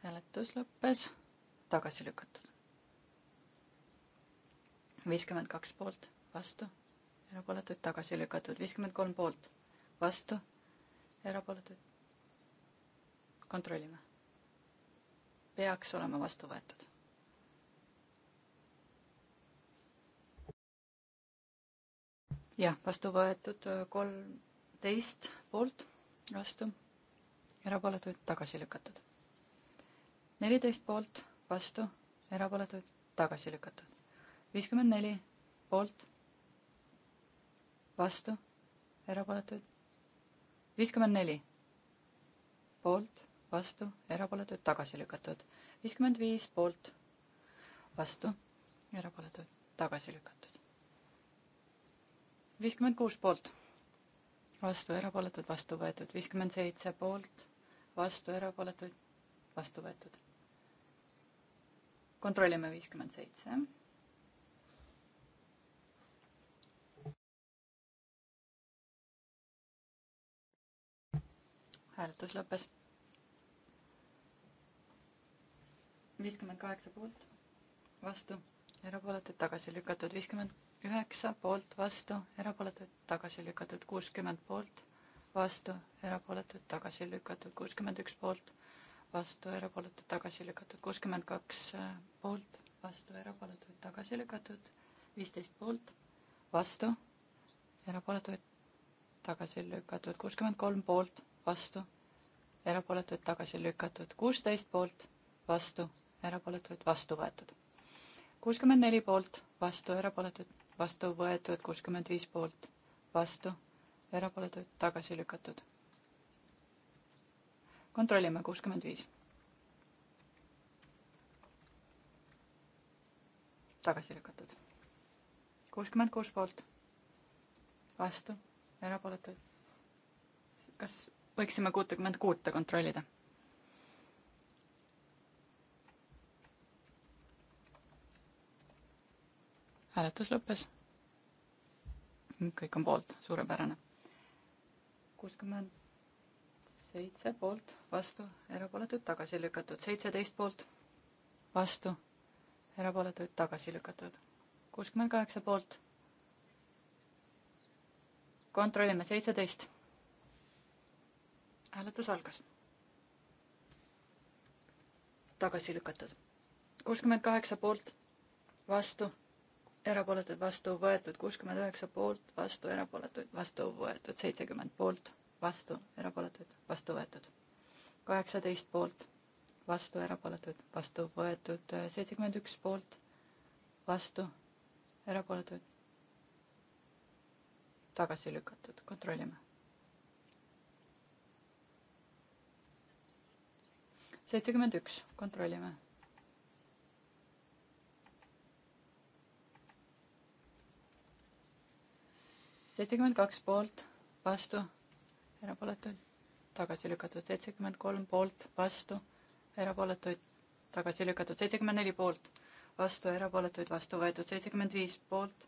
hääletus lõppes, tagasi lükatud. viiskümmend kaks poolt, vastu, erapooletuid tagasi lükatud, viiskümmend kolm poolt, vastu erapooletud. kontrollime. peaks olema vastu võetud. jah, vastu võetud äh, kolmteist poolt, vastu, erapooletuid tagasi lükatud. neliteist poolt, vastu, erapooletuid tagasi lükatud. viiskümmend neli poolt, vastu, erapooletuid viiskümmend neli poolt, vastu, erapooletud, tagasi lükatud. viiskümmend viis poolt, vastu, erapooletud, tagasi lükatud. viiskümmend kuus poolt, vastu, erapooletud, vastu võetud. viiskümmend seitse poolt, vastu, erapooletud, vastu võetud. kontrollime viiskümmend seitse hääletus lõppes. viiskümmend kaheksa poolt, vastu, erapooletud, tagasi lükatud, viiskümmend üheksa poolt, vastu, erapooletud, tagasi lükatud, kuuskümmend poolt, vastu, erapooletud, tagasi lükatud, kuuskümmend üks poolt, vastu, erapooletud, tagasi lükatud, kuuskümmend kaks äh, poolt, vastu, erapooletud, tagasi lükatud, viisteist poolt, vastu, erapooletuid tagasi lükatud, kuuskümmend kolm poolt, vastu, erapooletuid tagasi lükatud, kuusteist poolt, vastu, erapooletuid vastu võetud. kuuskümmend neli poolt, vastu, erapooletuid vastu võetud, kuuskümmend viis poolt, vastu, erapooletuid tagasi lükatud. kontrollime, kuuskümmend viis. tagasi lükatud. kuuskümmend kuus poolt, vastu erapooletuid. kas võiksime kuutekümmet kuute kontrollida? hääletus lõppes. kõik on poolt, suurepärane. kuuskümmend seitse poolt, vastu, erapooletuid tagasi lükatud, seitseteist poolt, vastu, erapooletuid tagasi lükatud, kuuskümmend kaheksa poolt kontrollime seitseteist. hääletus algas. tagasi lükatud. kuuskümmend kaheksa poolt, vastu, erapooletud, vastu võetud, kuuskümmend üheksa poolt, vastu, erapooletud, vastu võetud, seitsekümmend poolt, vastu, erapooletud, vastu võetud. kaheksateist poolt, vastu, erapooletud, vastu võetud, seitsekümmend üks poolt, vastu, erapooletud tagasi lükatud, kontrollime. seitsekümmend üks, kontrollime. seitsekümmend kaks poolt, vastu, erapooletuid, tagasi lükatud, seitsekümmend kolm poolt, vastu, erapooletuid, tagasi lükatud, seitsekümmend neli poolt, vastu, erapooletuid, vastu võetud, seitsekümmend viis poolt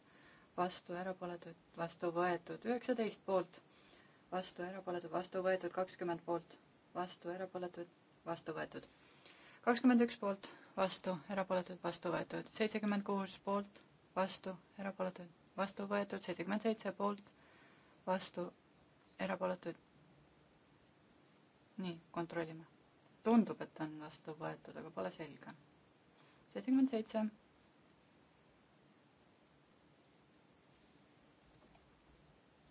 vastu, erapooletud, vastu võetud üheksateist poolt, vastu, erapooletud, vastu võetud kakskümmend poolt, vastu, erapooletud, vastu võetud kakskümmend üks poolt, vastu, erapooletud, vastu võetud seitsekümmend kuus poolt, vastu, erapooletud, vastu võetud seitsekümmend seitse poolt, vastu, erapooletud. nii, kontrollime. tundub, et on vastu võetud, aga pole selge. seitsekümmend seitse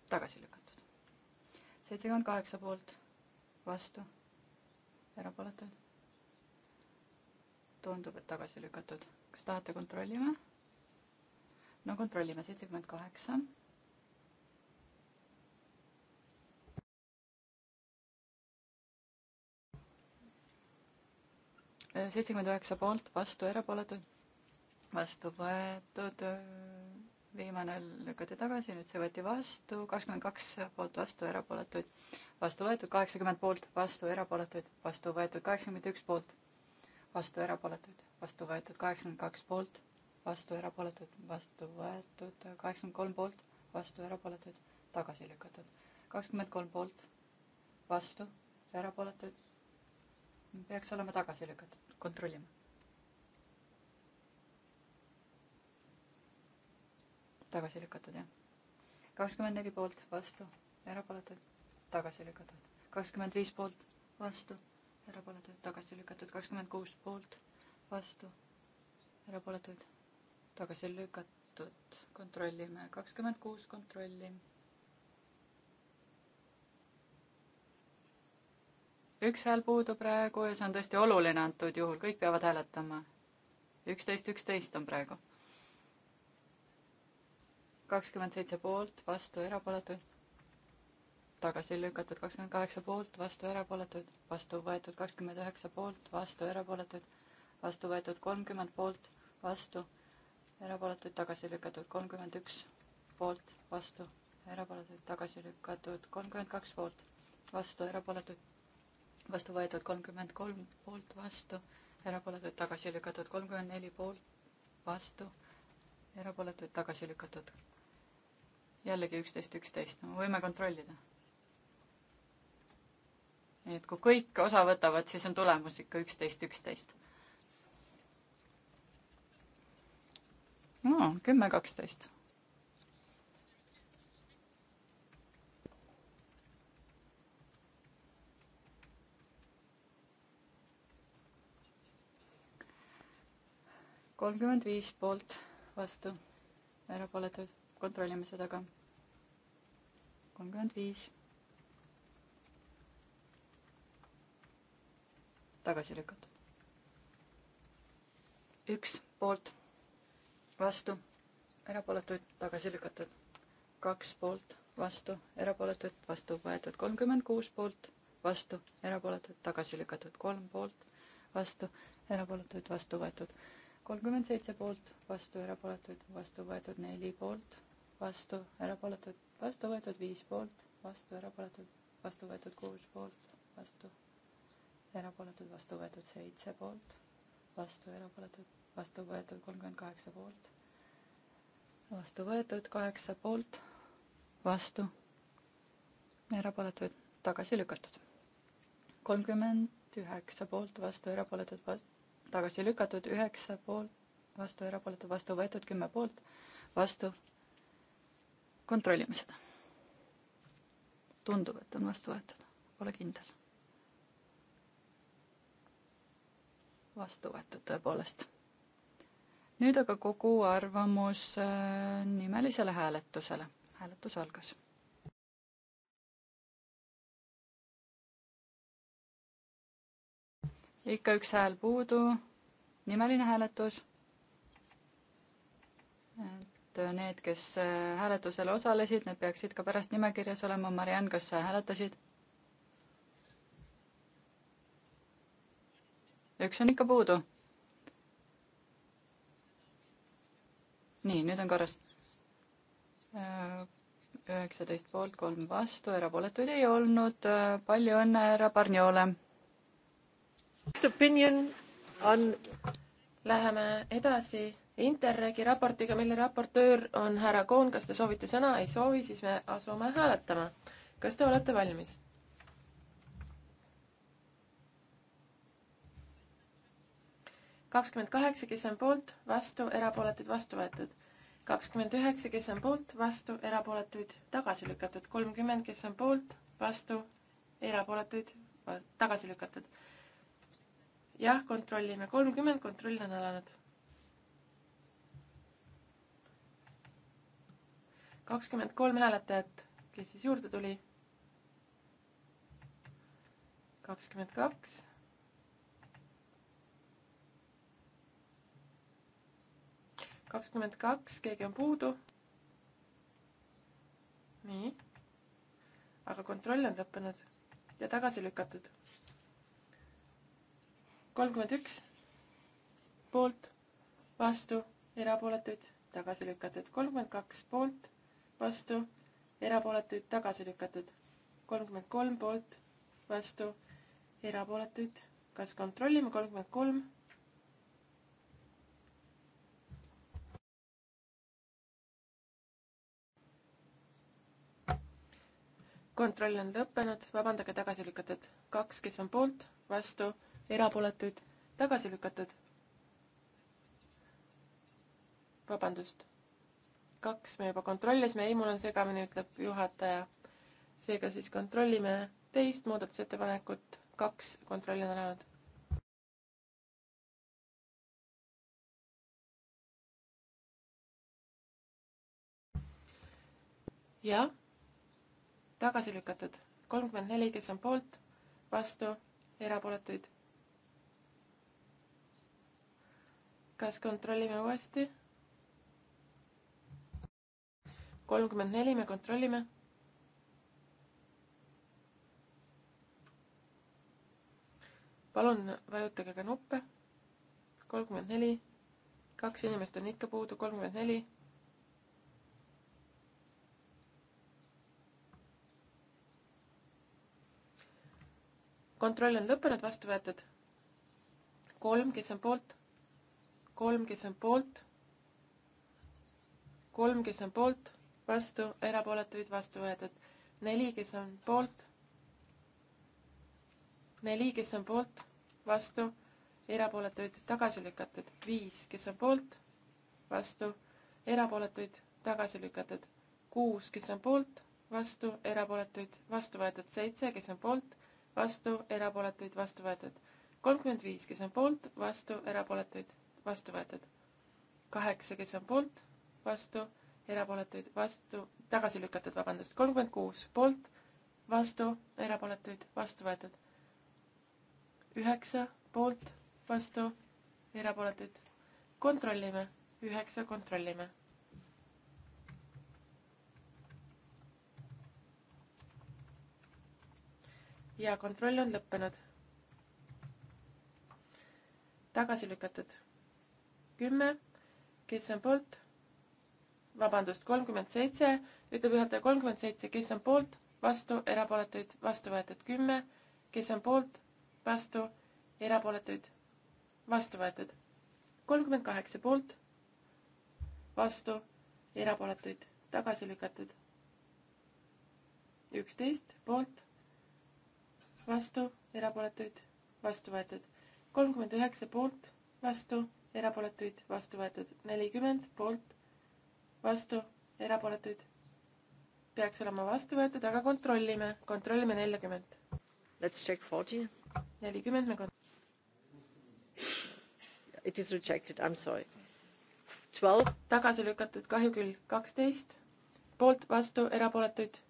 tagasi lükatud. seitsekümmend kaheksa poolt, vastu, erapooletud. tundub, et tagasi lükatud. kas tahate, kontrollime? no kontrollime, seitsekümmend kaheksa. seitsekümmend üheksa poolt, vastu, erapooletud, vastu võetud viimane lükati tagasi, nüüd see võeti vastu, kakskümmend kaks poolt vastu, erapooletuid vastu võetud, kaheksakümmend poolt vastu, erapooletuid vastu võetud, kaheksakümmend üks poolt vastu, erapooletuid vastu võetud, kaheksakümmend kaks poolt vastu, erapooletuid vastu võetud, kaheksakümmend kolm poolt vastu, erapooletuid tagasi lükatud, kakskümmend kolm poolt vastu, erapooletuid peaks olema tagasi lükatud, kontrollime tagasi lükatud, jah. kakskümmend neli poolt, vastu, erapooletud, tagasi lükatud. kakskümmend viis poolt, vastu, erapooletud, tagasi lükatud. kakskümmend kuus poolt, vastu, erapooletud, tagasi lükatud. kontrollime, kakskümmend kuus, kontrolli. üks hääl puudu praegu ja see on tõesti oluline antud juhul, kõik peavad hääletama. üksteist, üksteist on praegu kakskümmend seitse poolt, vastu, erapooletuid. tagasi lükatud kakskümmend kaheksa poolt, vastu, erapooletuid. vastu võetud kakskümmend üheksa poolt, vastu, erapooletuid. vastu võetud kolmkümmend poolt, vastu, erapooletuid. tagasi lükatud kolmkümmend üks poolt, vastu, erapooletuid. tagasi lükatud kolmkümmend kaks poolt, vastu, erapooletuid. vastu võetud kolmkümmend kolm poolt, vastu, erapooletuid. tagasi lükatud kolmkümmend neli poolt, vastu, erapooletuid. tagasi lükatud jällegi üksteist, üksteist, no võime kontrollida. et kui kõik osa võtavad, siis on tulemus ikka üksteist, üksteist. no kümme, kaksteist. kolmkümmend viis poolt, vastu, erapooletuid kontrollime seda ka. kolmkümmend viis. tagasi lükatud. üks poolt, vastu, erapooletuid tagasi lükatud. kaks poolt, vastu, erapooletuid vastu võetud. kolmkümmend kuus poolt, vastu, erapooletuid tagasi lükatud. kolm poolt, vastu, erapooletuid vastu võetud kolmkümmend seitse poolt, vastu erapooletuid, vastu võetud neli poolt, vastu, erapooletud, vastu võetud viis poolt, vastu erapooletud, vastu võetud kuus poolt, vastu erapooletud, vastu võetud seitse poolt, vastu erapooletud, vastu võetud kolmkümmend kaheksa poolt, vastu võetud kaheksa poolt, vastu erapooletud, tagasi lükatud. kolmkümmend üheksa poolt, vastu erapooletud, tagasi lükatud, üheksa poolt, vastu erapooletud, vastu võetud kümme poolt, vastu kontrollime seda. tundub, et on vastu võetud, pole kindel. vastu võetud tõepoolest. nüüd aga kogu arvamus äh, nimelisele hääletusele. hääletus algas. ikka üks hääl puudu, nimeline hääletus et äh, need, kes äh, hääletusel osalesid, need peaksid ka pärast nimekirjas olema. Mariann, kas sa hääletasid? üks on ikka puudu. nii, nüüd on korras. Äh, üheksateist poolt, kolm vastu, erapooletuid ei olnud. palju õnne härra Barniole. Opinion on. Läheme edasi Interregi raportiga, mille raportöör on härra Koon, kas te soovite sõna? ei soovi, siis me asume hääletama. kas te olete valmis? kakskümmend kaheksa, kes on poolt, vastu, erapooletuid, vastu võetud. kakskümmend üheksa, kes on poolt, vastu, erapooletuid, tagasi lükatud. kolmkümmend, kes on poolt, vastu, erapooletuid, tagasi lükatud. jah, kontrollime. kolmkümmend, kontroll on alanud kakskümmend kolm hääletajat, kes siis juurde tuli. kakskümmend kaks. kakskümmend kaks, keegi on puudu. nii. aga kontroll on lõppenud ja tagasi lükatud. kolmkümmend üks poolt, vastu, erapooletuid, tagasi lükatud, kolmkümmend kaks poolt vastu, erapooletuid tagasi lükatud. kolmkümmend kolm poolt, vastu, erapooletuid. kas kontrollime kolmkümmend kolm? kontroll on lõppenud, vabandage, tagasi lükatud. kaks, kes on poolt, vastu, erapooletuid, tagasi lükatud. vabandust kaks me juba kontrollisime, ei, mul on segamini, ütleb juhataja. seega siis kontrollime teist muudatusettepanekut, kaks kontrolli on alanud. jah, tagasi lükatud, kolmkümmend neli, kes on poolt, vastu, erapooletuid. kas kontrollime uuesti? kolmkümmend neli, me kontrollime. palun vajutage ka nuppe. kolmkümmend neli, kaks inimest on ikka puudu, kolmkümmend neli. kontroll on lõppenud, vastu võetud. kolm, kes on poolt, kolm, kes on poolt, kolm, kes on poolt vastu, erapooletuid vastu võetud. neli, kes on poolt. neli, kes on poolt, vastu, erapooletuid tagasi lükatud. viis, kes on poolt, vastu, erapooletuid tagasi lükatud. kuus, kes on poolt, vastu, erapooletuid vastu võetud. seitse, kes on poolt, vastu, erapooletuid vastu võetud. kolmkümmend viis, kes on poolt, vastu, erapooletuid vastu võetud. kaheksa, kes on poolt, vastu erapooletuid, vastu, tagasi lükatud, vabandust, kolmkümmend kuus poolt, vastu, erapooletuid, vastu võetud. üheksa poolt, vastu, erapooletuid. kontrollime, üheksa, kontrollime. ja kontroll on lõppenud. tagasi lükatud. kümme, kes on poolt vabandust, kolmkümmend seitse, ütleb juhataja kolmkümmend seitse, kes on poolt, vastu, erapooletuid, vastu võetud kümme, kes on poolt, vastu, erapooletuid, vastu võetud. kolmkümmend kaheksa poolt, vastu, erapooletuid, tagasi lükatud. üksteist poolt, vastu, erapooletuid, vastu võetud. kolmkümmend üheksa poolt, vastu, erapooletuid, vastu võetud. nelikümmend poolt vastu, erapooletuid peaks olema vastu võetud, aga kontrollime, kontrollime neljakümmet. Let's check forty. nelikümmend me kont-. It is rejected, I am sorry. Twelve. tagasi lükatud, kahju küll, kaksteist, poolt, vastu, erapooletuid.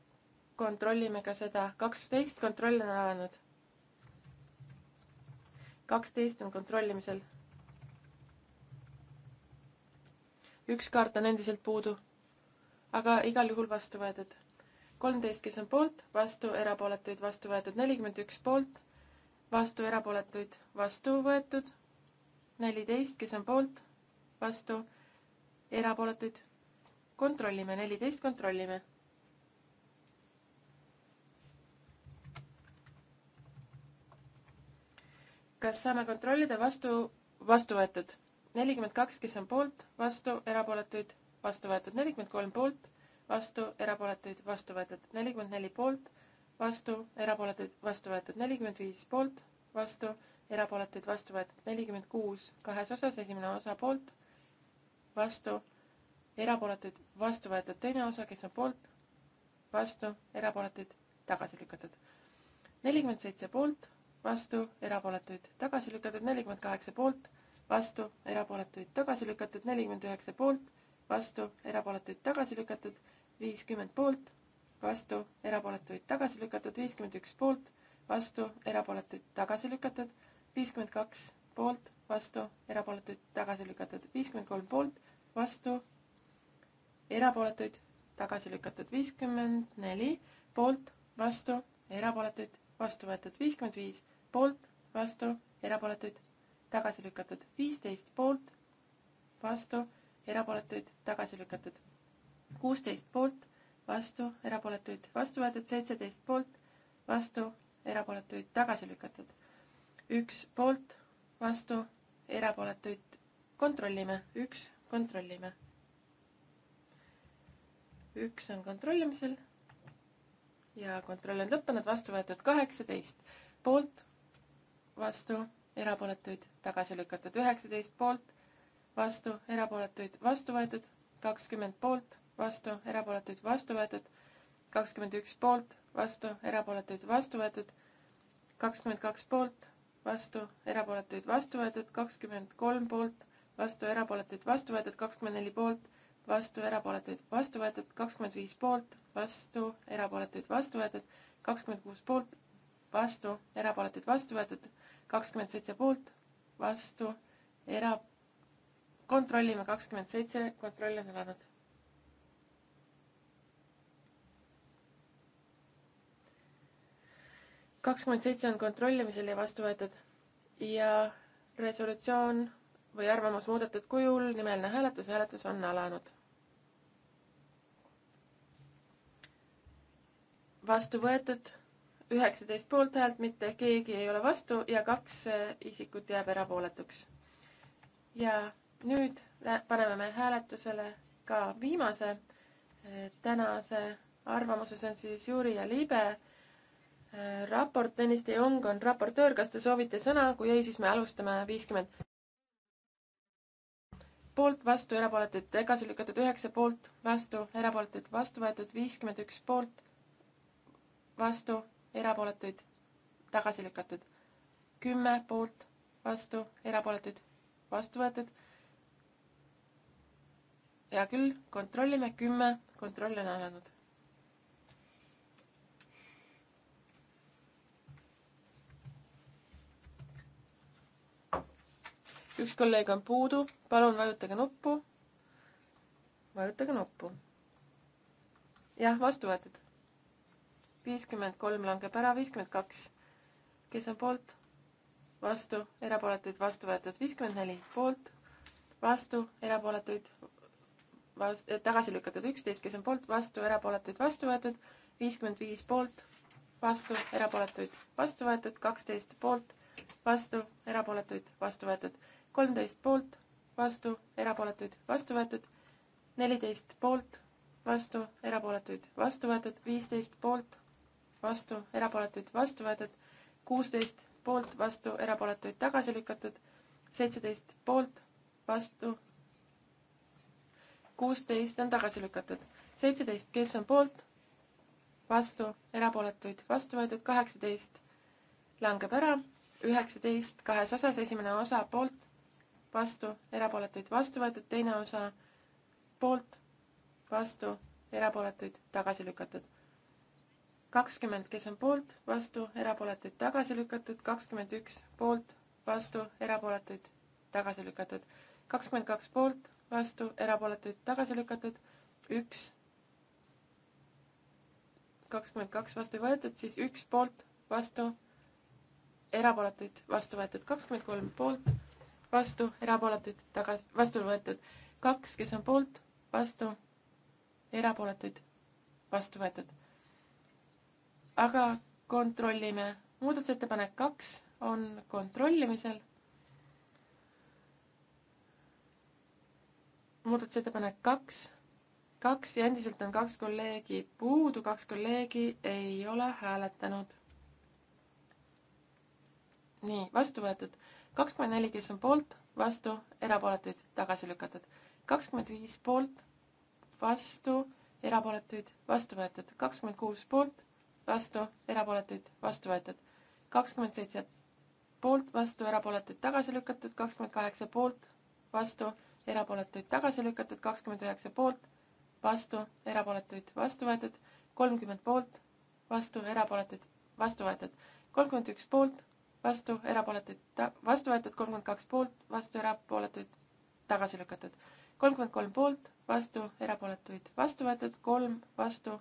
kontrollime ka seda, kaksteist kontroll on alanud. kaksteist on kontrollimisel üks kaart on endiselt puudu. aga igal juhul vastu võetud. kolmteist, kes on poolt, vastu, erapooletuid, vastu võetud. nelikümmend üks poolt, vastu, erapooletuid, vastu võetud. neliteist, kes on poolt, vastu, erapooletuid. kontrollime, neliteist kontrollime kas saame kontrollida vastu, vastu võetud? nelikümmend kaks, kes on poolt, vastu, erapooletuid, vastu võetud. nelikümmend kolm poolt, vastu, erapooletuid, vastu võetud. nelikümmend neli poolt, vastu, erapooletuid, vastu võetud. nelikümmend viis poolt, vastu, erapooletuid, vastu võetud. nelikümmend kuus kahes osas, esimene osa poolt, vastu, erapooletuid, vastu võetud. teine osa, kes on poolt, vastu, erapooletuid, tagasi lükatud. nelikümmend seitse poolt, vastu, erapooletuid, tagasi lükatud. nelikümmend kaheksa poolt vastu, erapooletuid tagasi lükatud, nelikümmend üheksa poolt, vastu, erapooletuid tagasi lükatud, viiskümmend poolt, vastu, erapooletuid tagasi lükatud, viiskümmend üks poolt, vastu, erapooletuid tagasi lükatud, viiskümmend kaks poolt, vastu, erapooletuid tagasi lükatud, viiskümmend kolm poolt, vastu, erapooletuid tagasi lükatud, viiskümmend neli poolt, vastu, erapooletuid vastu võetud, viiskümmend viis poolt, vastu, erapooletuid tagasi lükatud, viisteist poolt, vastu, erapooletuid, tagasi lükatud, kuusteist poolt, vastu, erapooletuid, vastu võetud, seitseteist poolt, vastu, erapooletuid, tagasi lükatud, üks poolt, vastu, erapooletuid, kontrollime, üks, kontrollime. üks on kontrollimisel ja kontroll on lõppenud, vastu võetud kaheksateist, poolt, vastu erapooletuid tagasi lükatud, üheksateist poolt, vastu, erapooletuid vastu võetud, kakskümmend poolt, vastu, erapooletuid vastu võetud, kakskümmend üks poolt, vastu, erapooletuid vastu võetud, kakskümmend kaks poolt, vastu, erapooletuid vastu võetud, kakskümmend kolm poolt, vastu, erapooletuid vastu võetud, kakskümmend neli poolt, vastu, erapooletuid vastu võetud, kakskümmend viis poolt, vastu, erapooletuid vastu võetud, kakskümmend kuus poolt, vastu, erapooletuid vastu võetud, kakskümmend seitse poolt, vastu, era-, kontrollime kakskümmend seitse, kontroll on alanud. kakskümmend seitse on kontrollimisel ja vastu võetud ja resolutsioon või arvamus muudetud kujul, nimeline hääletus, hääletus on alanud. vastu võetud üheksateist poolthäält, mitte keegi ei ole vastu ja kaks äh, isikut jääb erapooletuks. ja nüüd paneme me hääletusele ka viimase äh, tänase arvamuse, see on siis Jüri ja Liibe äh, raport, Tõnis De Jong on raportöör, kas te soovite sõna, kui ei, siis me alustame viiskümmend. poolt, vastu, erapooletuid tagasi lükatud üheksa, poolt, vastu, erapooletuid vastu võetud viiskümmend üks, poolt, vastu erapooletuid, tagasi lükatud. kümme poolt, vastu, erapooletuid, vastu võetud. hea küll, kontrollime, kümme, kontroll on alanud. üks kolleeg on puudu, palun vajutage nuppu. vajutage nuppu. jah, vastu võetud viiskümmend kolm langeb ära, viiskümmend kaks, kes on poolt, vastu, erapooletuid, vastu võetud, viiskümmend neli poolt, vastu, erapooletuid, eh, tagasi lükatud üksteist, kes on poolt, vastu, erapooletuid, vastu võetud, viiskümmend viis poolt, vastu, erapooletuid, vastu võetud, kaksteist poolt, vastu, erapooletuid, vastu võetud, kolmteist poolt, vastu, erapooletuid, vastu võetud, neliteist poolt, vastu, erapooletuid, vastu võetud, viisteist poolt, vastu, erapooletuid vastu võetud, kuusteist poolt, vastu, erapooletuid tagasi lükatud, seitseteist poolt, vastu, kuusteist on tagasi lükatud, seitseteist, kes on poolt, vastu, erapooletuid vastu võetud, kaheksateist langeb ära, üheksateist kahes osas, esimene osa poolt, vastu, erapooletuid vastu võetud, teine osa poolt, vastu, erapooletuid tagasi lükatud kakskümmend, kes on poolt, vastu, erapooletuid, tagasi lükatud, kakskümmend üks poolt, vastu, erapooletuid, tagasi lükatud, kakskümmend kaks poolt, vastu, erapooletuid, tagasi lükatud, üks, kakskümmend kaks vastu ei võetud, siis üks poolt, vastu, erapooletuid, vastu võetud, kakskümmend kolm poolt, vastu, erapooletuid, tagasi, vastu võetud, kaks, kes on poolt, vastu, erapooletuid, vastu võetud aga kontrollime. muudatusettepanek kaks on kontrollimisel muudatusettepanek kaks, kaks ja endiselt on kaks kolleegi puudu, kaks kolleegi ei ole hääletanud. nii, vastu võetud. kakskümmend neli, kes on poolt, vastu, erapooletuid, tagasi lükatud. kakskümmend viis poolt, vastu, erapooletuid, vastu võetud. kakskümmend kuus poolt, vastu, erapooletuid, vastu võetud. kakskümmend seitse poolt, vastu, erapooletuid, tagasi lükatud, kakskümmend kaheksa poolt, vastu, erapooletuid, tagasi lükatud, kakskümmend üheksa poolt, vastu, erapooletuid, vastu võetud, kolmkümmend poolt, vastu, erapooletuid, vastu võetud, kolmkümmend üks poolt, vastu, erapooletuid, vastu võetud, kolmkümmend kaks poolt, vastu, erapooletuid, tagasi lükatud, kolmkümmend kolm poolt, vastu, erapooletuid, vastu võetud, kolm, vastu,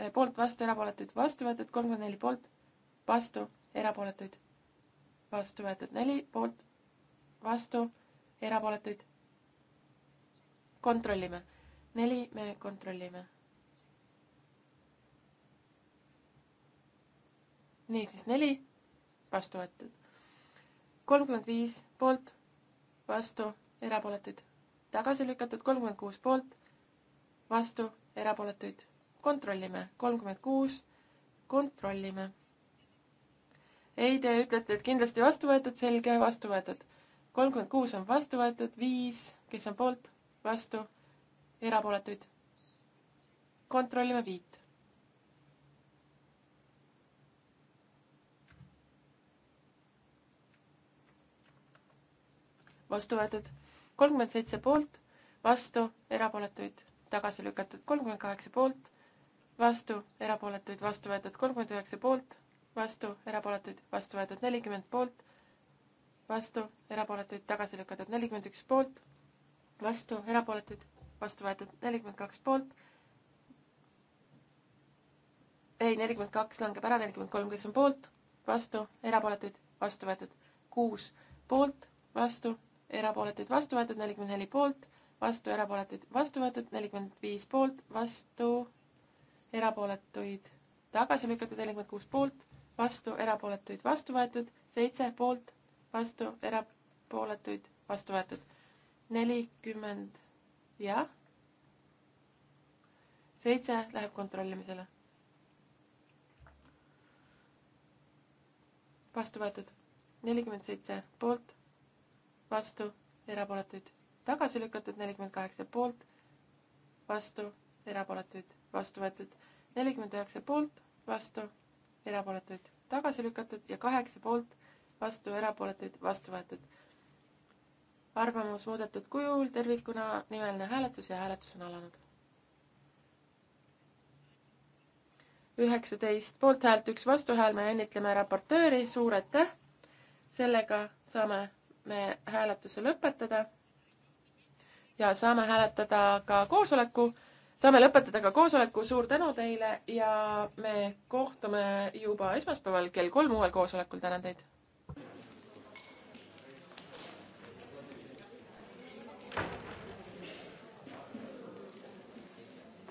Äh, poolt, vastu, erapooletuid, vastu võetud, kolmkümmend neli poolt, vastu, erapooletuid, vastu võetud, neli poolt, vastu, erapooletuid. kontrollime, neli me kontrollime. niisiis neli, vastu võetud, kolmkümmend viis poolt, vastu, erapooletuid, tagasi lükatud, kolmkümmend kuus poolt, vastu, erapooletuid kontrollime, kolmkümmend kuus, kontrollime. ei, te ütlete, et kindlasti vastu võetud, selge, vastu võetud. kolmkümmend kuus on vastu võetud, viis, kes on poolt, vastu, erapooletuid. kontrollime viit. vastu võetud kolmkümmend seitse poolt, vastu, erapooletuid tagasi lükatud kolmkümmend kaheksa poolt vastu, erapooletuid vastu võetud kolmkümmend üheksa poolt, vastu, erapooletuid vastu võetud nelikümmend poolt, vastu, erapooletuid tagasi lükatud nelikümmend üks poolt, vastu, erapooletuid vastu võetud nelikümmend kaks poolt. ei, nelikümmend kaks langeb ära, nelikümmend kolm, kes on poolt, vastu, erapooletuid vastu võetud kuus poolt, vastu, erapooletuid vastu võetud nelikümmend neli poolt vastu, erapooletuid vastu võetud, nelikümmend viis poolt, vastu, erapooletuid tagasi lükatud, nelikümmend kuus poolt, vastu, erapooletuid vastu võetud, seitse poolt, vastu, erapooletuid vastu võetud, nelikümmend, jah, seitse läheb kontrollimisele vastu võetud nelikümmend seitse poolt, vastu, erapooletuid. tagasi lükatud nelikümmend kaheksa poolt, vastu, erapooletuid vastu võetud, nelikümmend üheksa poolt, vastu, erapooletuid tagasi lükatud ja kaheksa poolt, vastu, erapooletuid vastu võetud. arvamus muudetud kujul tervikuna nimeline hääletus ja hääletus on alanud. üheksateist poolthäält, üks vastuhääl, me õnnitleme raportööri, suur aitäh. sellega saame me hääletuse lõpetada ja saame hääletada ka koosoleku saame lõpetada ka koosoleku, suur tänu teile ja me kohtume juba esmaspäeval kell kolm uuel koosolekul, tänan teid!